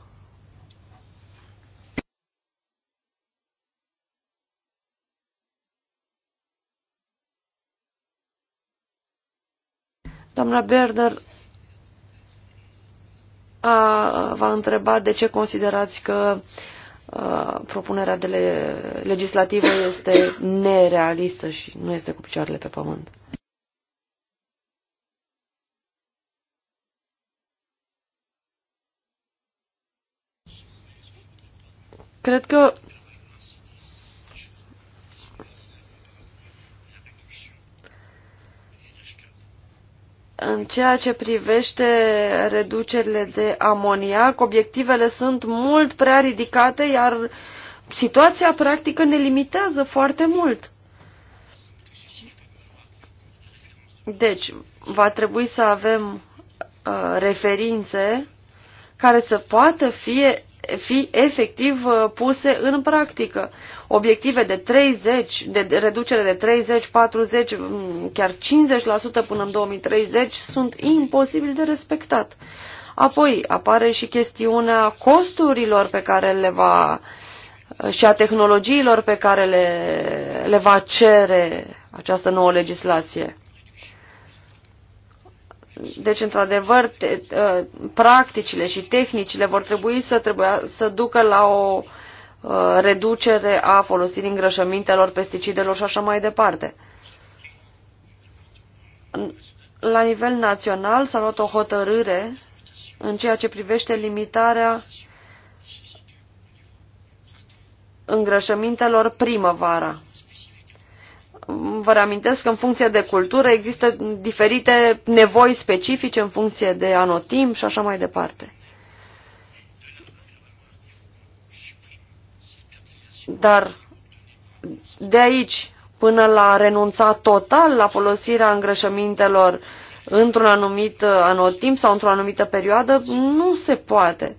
Doamna Berner a a întrebat de ce considerați că a, propunerea de le, legislativă este nerealistă și nu este cu picioarele pe pământ. Cred că în ceea ce privește reducerile de amoniac, obiectivele sunt mult prea ridicate, iar situația practică ne limitează foarte mult. Deci, va trebui să avem uh, referințe care să poată fi fi efectiv uh, puse în practică. Obiective de 30, de reducere de 30, 40, mm, chiar 50% până în 2030 sunt imposibil de respectat. Apoi apare și chestiunea costurilor pe care le va uh, și a tehnologiilor pe care le, le va cere această nouă legislație. Deci, într-adevăr, ă, practicile și tehnicile vor trebui să, trebuia, să ducă la o uh, reducere a folosirii îngrășămintelor, pesticidelor și așa mai departe. La nivel național s-a luat o hotărâre în ceea ce privește limitarea îngrășămintelor primăvara vă reamintesc că în funcție de cultură există diferite nevoi specifice în funcție de anotimp și așa mai departe. Dar de aici până la renunța total la folosirea îngrășămintelor într-un anumit anotimp sau într-o anumită perioadă, nu se poate.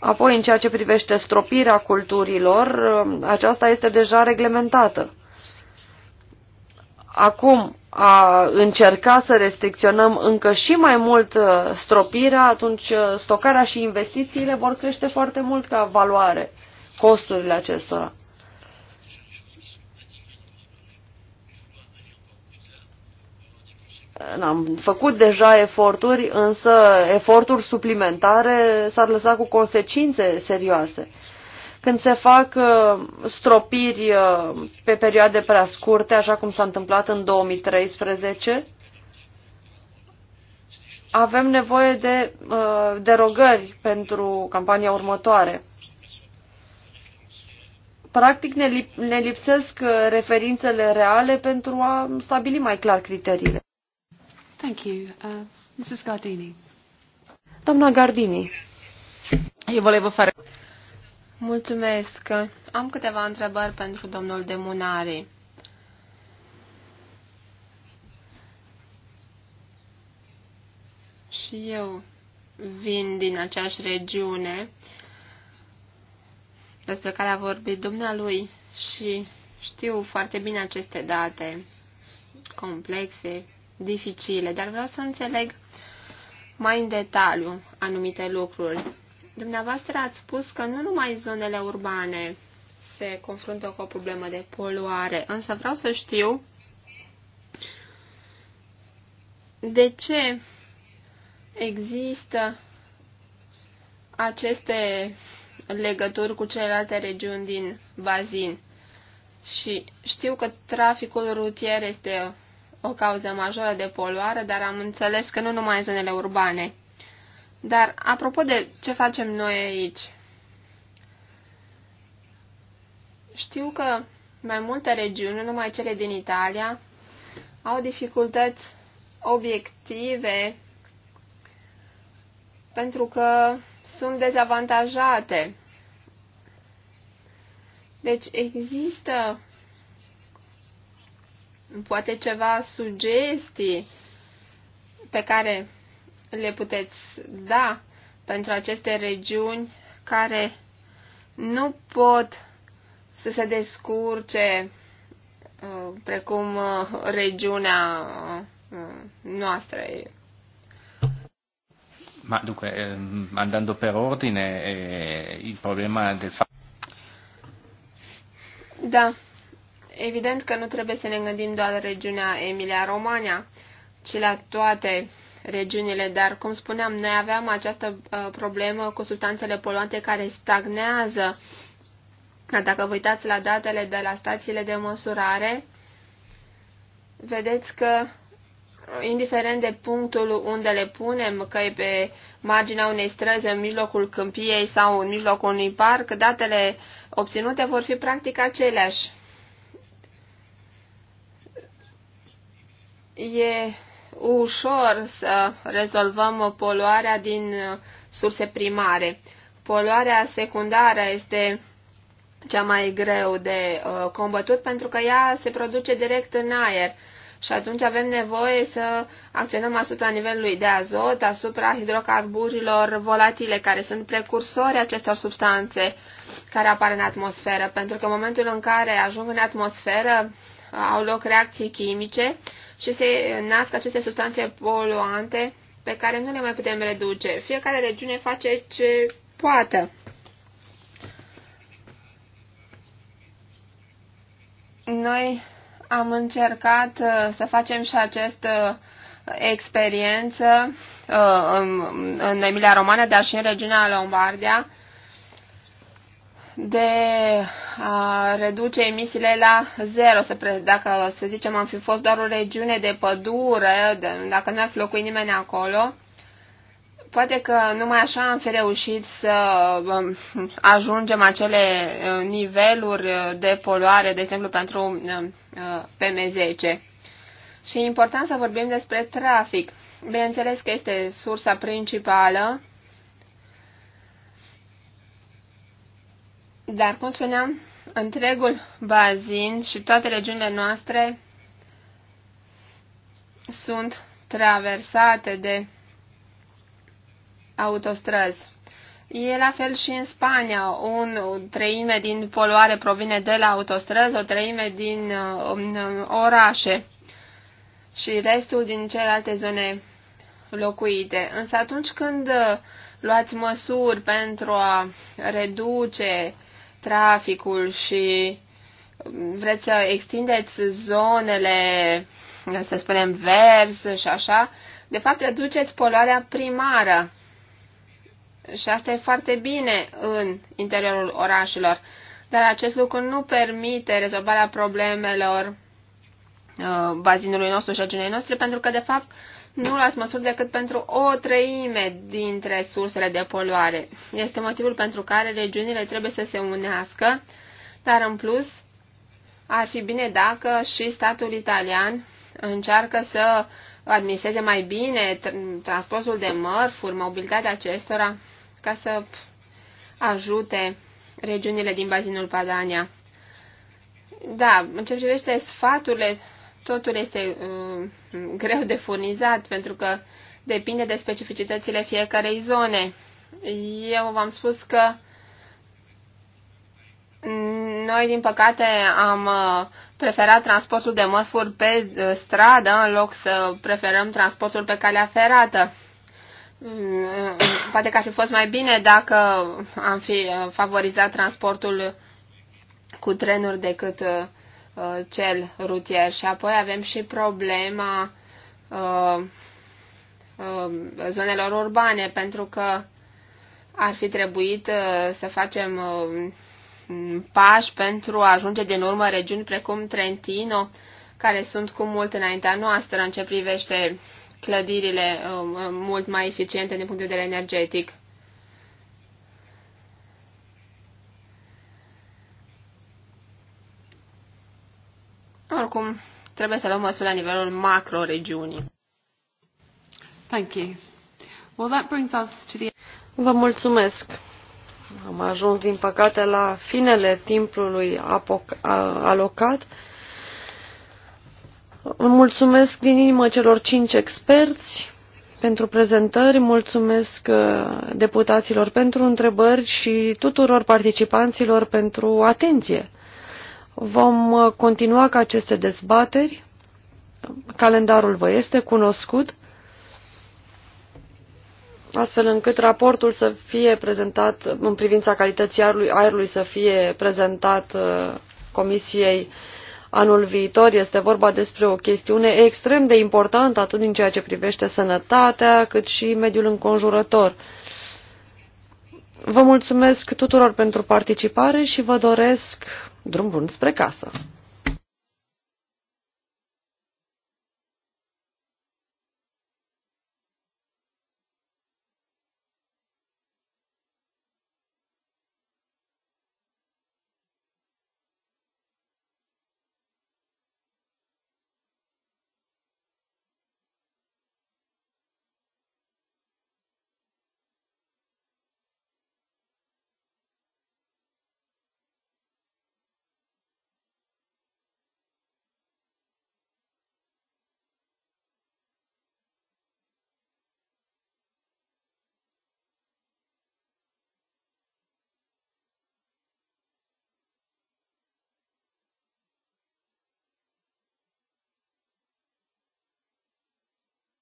Apoi, în ceea ce privește stropirea culturilor, aceasta este deja reglementată acum a încerca să restricționăm încă și mai mult uh, stropirea, atunci uh, stocarea și investițiile vor crește foarte mult ca valoare, costurile acestora. Am făcut deja eforturi, însă eforturi suplimentare s-ar lăsa cu consecințe serioase când se fac uh, stropiri uh, pe perioade prea scurte, așa cum s-a întâmplat în 2013, avem nevoie de uh, derogări pentru campania următoare. Practic ne, lip ne lipsesc referințele reale pentru a stabili mai clar criteriile. Thank you. Uh, Mrs. Gardini. Doamna Gardini. Eu volevo fare Mulțumesc. Am câteva întrebări pentru domnul Demunari. Și eu vin din aceeași regiune despre care a vorbit dumnealui și știu foarte bine aceste date complexe, dificile, dar vreau să înțeleg mai în detaliu anumite lucruri. Dumneavoastră ați spus că nu numai zonele urbane se confruntă cu o problemă de poluare, însă vreau să știu de ce există aceste legături cu celelalte regiuni din bazin. Și știu că traficul rutier este o cauză majoră de poluare, dar am înțeles că nu numai zonele urbane. Dar apropo de ce facem noi aici, știu că mai multe regiuni, nu numai cele din Italia, au dificultăți obiective pentru că sunt dezavantajate. Deci există poate ceva sugestii pe care le puteți da pentru aceste regiuni care nu pot să se descurce uh, precum uh, regiunea uh, noastră. Ma dunque, ehm, andando per ordine, eh, il problema del fatto. Da. Evident că nu trebuie să ne gândim doar la regiunea Emilia-Romagna, ci la toate regiunile, dar, cum spuneam, noi aveam această uh, problemă cu substanțele poluante care stagnează. Dacă vă uitați la datele de la stațiile de măsurare, vedeți că, uh, indiferent de punctul unde le punem, că e pe marginea unei străzi, în mijlocul câmpiei sau în mijlocul unui parc, datele obținute vor fi practic aceleași. E ușor să rezolvăm poluarea din surse primare. Poluarea secundară este cea mai greu de uh, combătut pentru că ea se produce direct în aer și atunci avem nevoie să acționăm asupra nivelului de azot, asupra hidrocarburilor volatile care sunt precursori acestor substanțe care apar în atmosferă, pentru că în momentul în care ajung în atmosferă au loc reacții chimice și se nasc aceste substanțe poluante pe care nu le mai putem reduce. Fiecare regiune face ce poate. Noi am încercat uh, să facem și această uh, experiență uh, în Emilia Romană, dar și în regiunea Lombardia, de a reduce emisiile la zero. dacă, să zicem, am fi fost doar o regiune de pădure, de, dacă nu ar fi locuit nimeni acolo, poate că numai așa am fi reușit să um, ajungem acele uh, niveluri de poluare, de exemplu, pentru um, uh, PM10. Și e important să vorbim despre trafic. Bineînțeles că este sursa principală Dar, cum spuneam, întregul bazin și toate regiunile noastre sunt traversate de autostrăzi. E la fel și în Spania. Un, o treime din poluare provine de la autostrăzi, o treime din uh, uh, orașe și restul din celelalte zone locuite. Însă atunci când uh, luați măsuri pentru a reduce uh, traficul și vreți să extindeți zonele, să spunem, vers și așa, de fapt reduceți poluarea primară. Și asta e foarte bine în interiorul orașelor, dar acest lucru nu permite rezolvarea problemelor uh, bazinului nostru și a noastre, pentru că, de fapt, nu luați măsuri decât pentru o treime dintre sursele de poluare. Este motivul pentru care regiunile trebuie să se unească, dar în plus ar fi bine dacă și statul italian încearcă să administreze mai bine transportul de mărfuri, mobilitatea acestora, ca să ajute regiunile din bazinul Padania. Da, în ce privește sfaturile totul este uh, greu de furnizat pentru că depinde de specificitățile fiecarei zone. Eu v-am spus că noi, din păcate, am uh, preferat transportul de mărfuri pe uh, stradă în loc să preferăm transportul pe calea ferată. Mm, poate că ar fi fost mai bine dacă am fi uh, favorizat transportul cu trenuri decât Uh, cel rutier. Și apoi avem și problema uh, uh, zonelor urbane, pentru că ar fi trebuit uh, să facem uh, pași pentru a ajunge din urmă regiuni precum Trentino, care sunt cu mult înaintea noastră în ce privește clădirile uh, mult mai eficiente din punct de vedere energetic. Oricum, trebuie să luăm măsuri la nivelul macro-regiunii. Thank you. Well, that brings us to the... Vă mulțumesc. Am ajuns, din păcate, la finele timpului alocat. Mulțumesc din inimă celor cinci experți pentru prezentări, mulțumesc uh, deputaților pentru întrebări și tuturor participanților pentru atenție. Vom uh, continua cu aceste dezbateri. Calendarul vă este cunoscut, astfel încât raportul să fie prezentat în privința calității aerului, aerului să fie prezentat uh, Comisiei anul viitor. Este vorba despre o chestiune extrem de importantă, atât din ceea ce privește sănătatea, cât și mediul înconjurător. Vă mulțumesc tuturor pentru participare și vă doresc drum bun spre casă.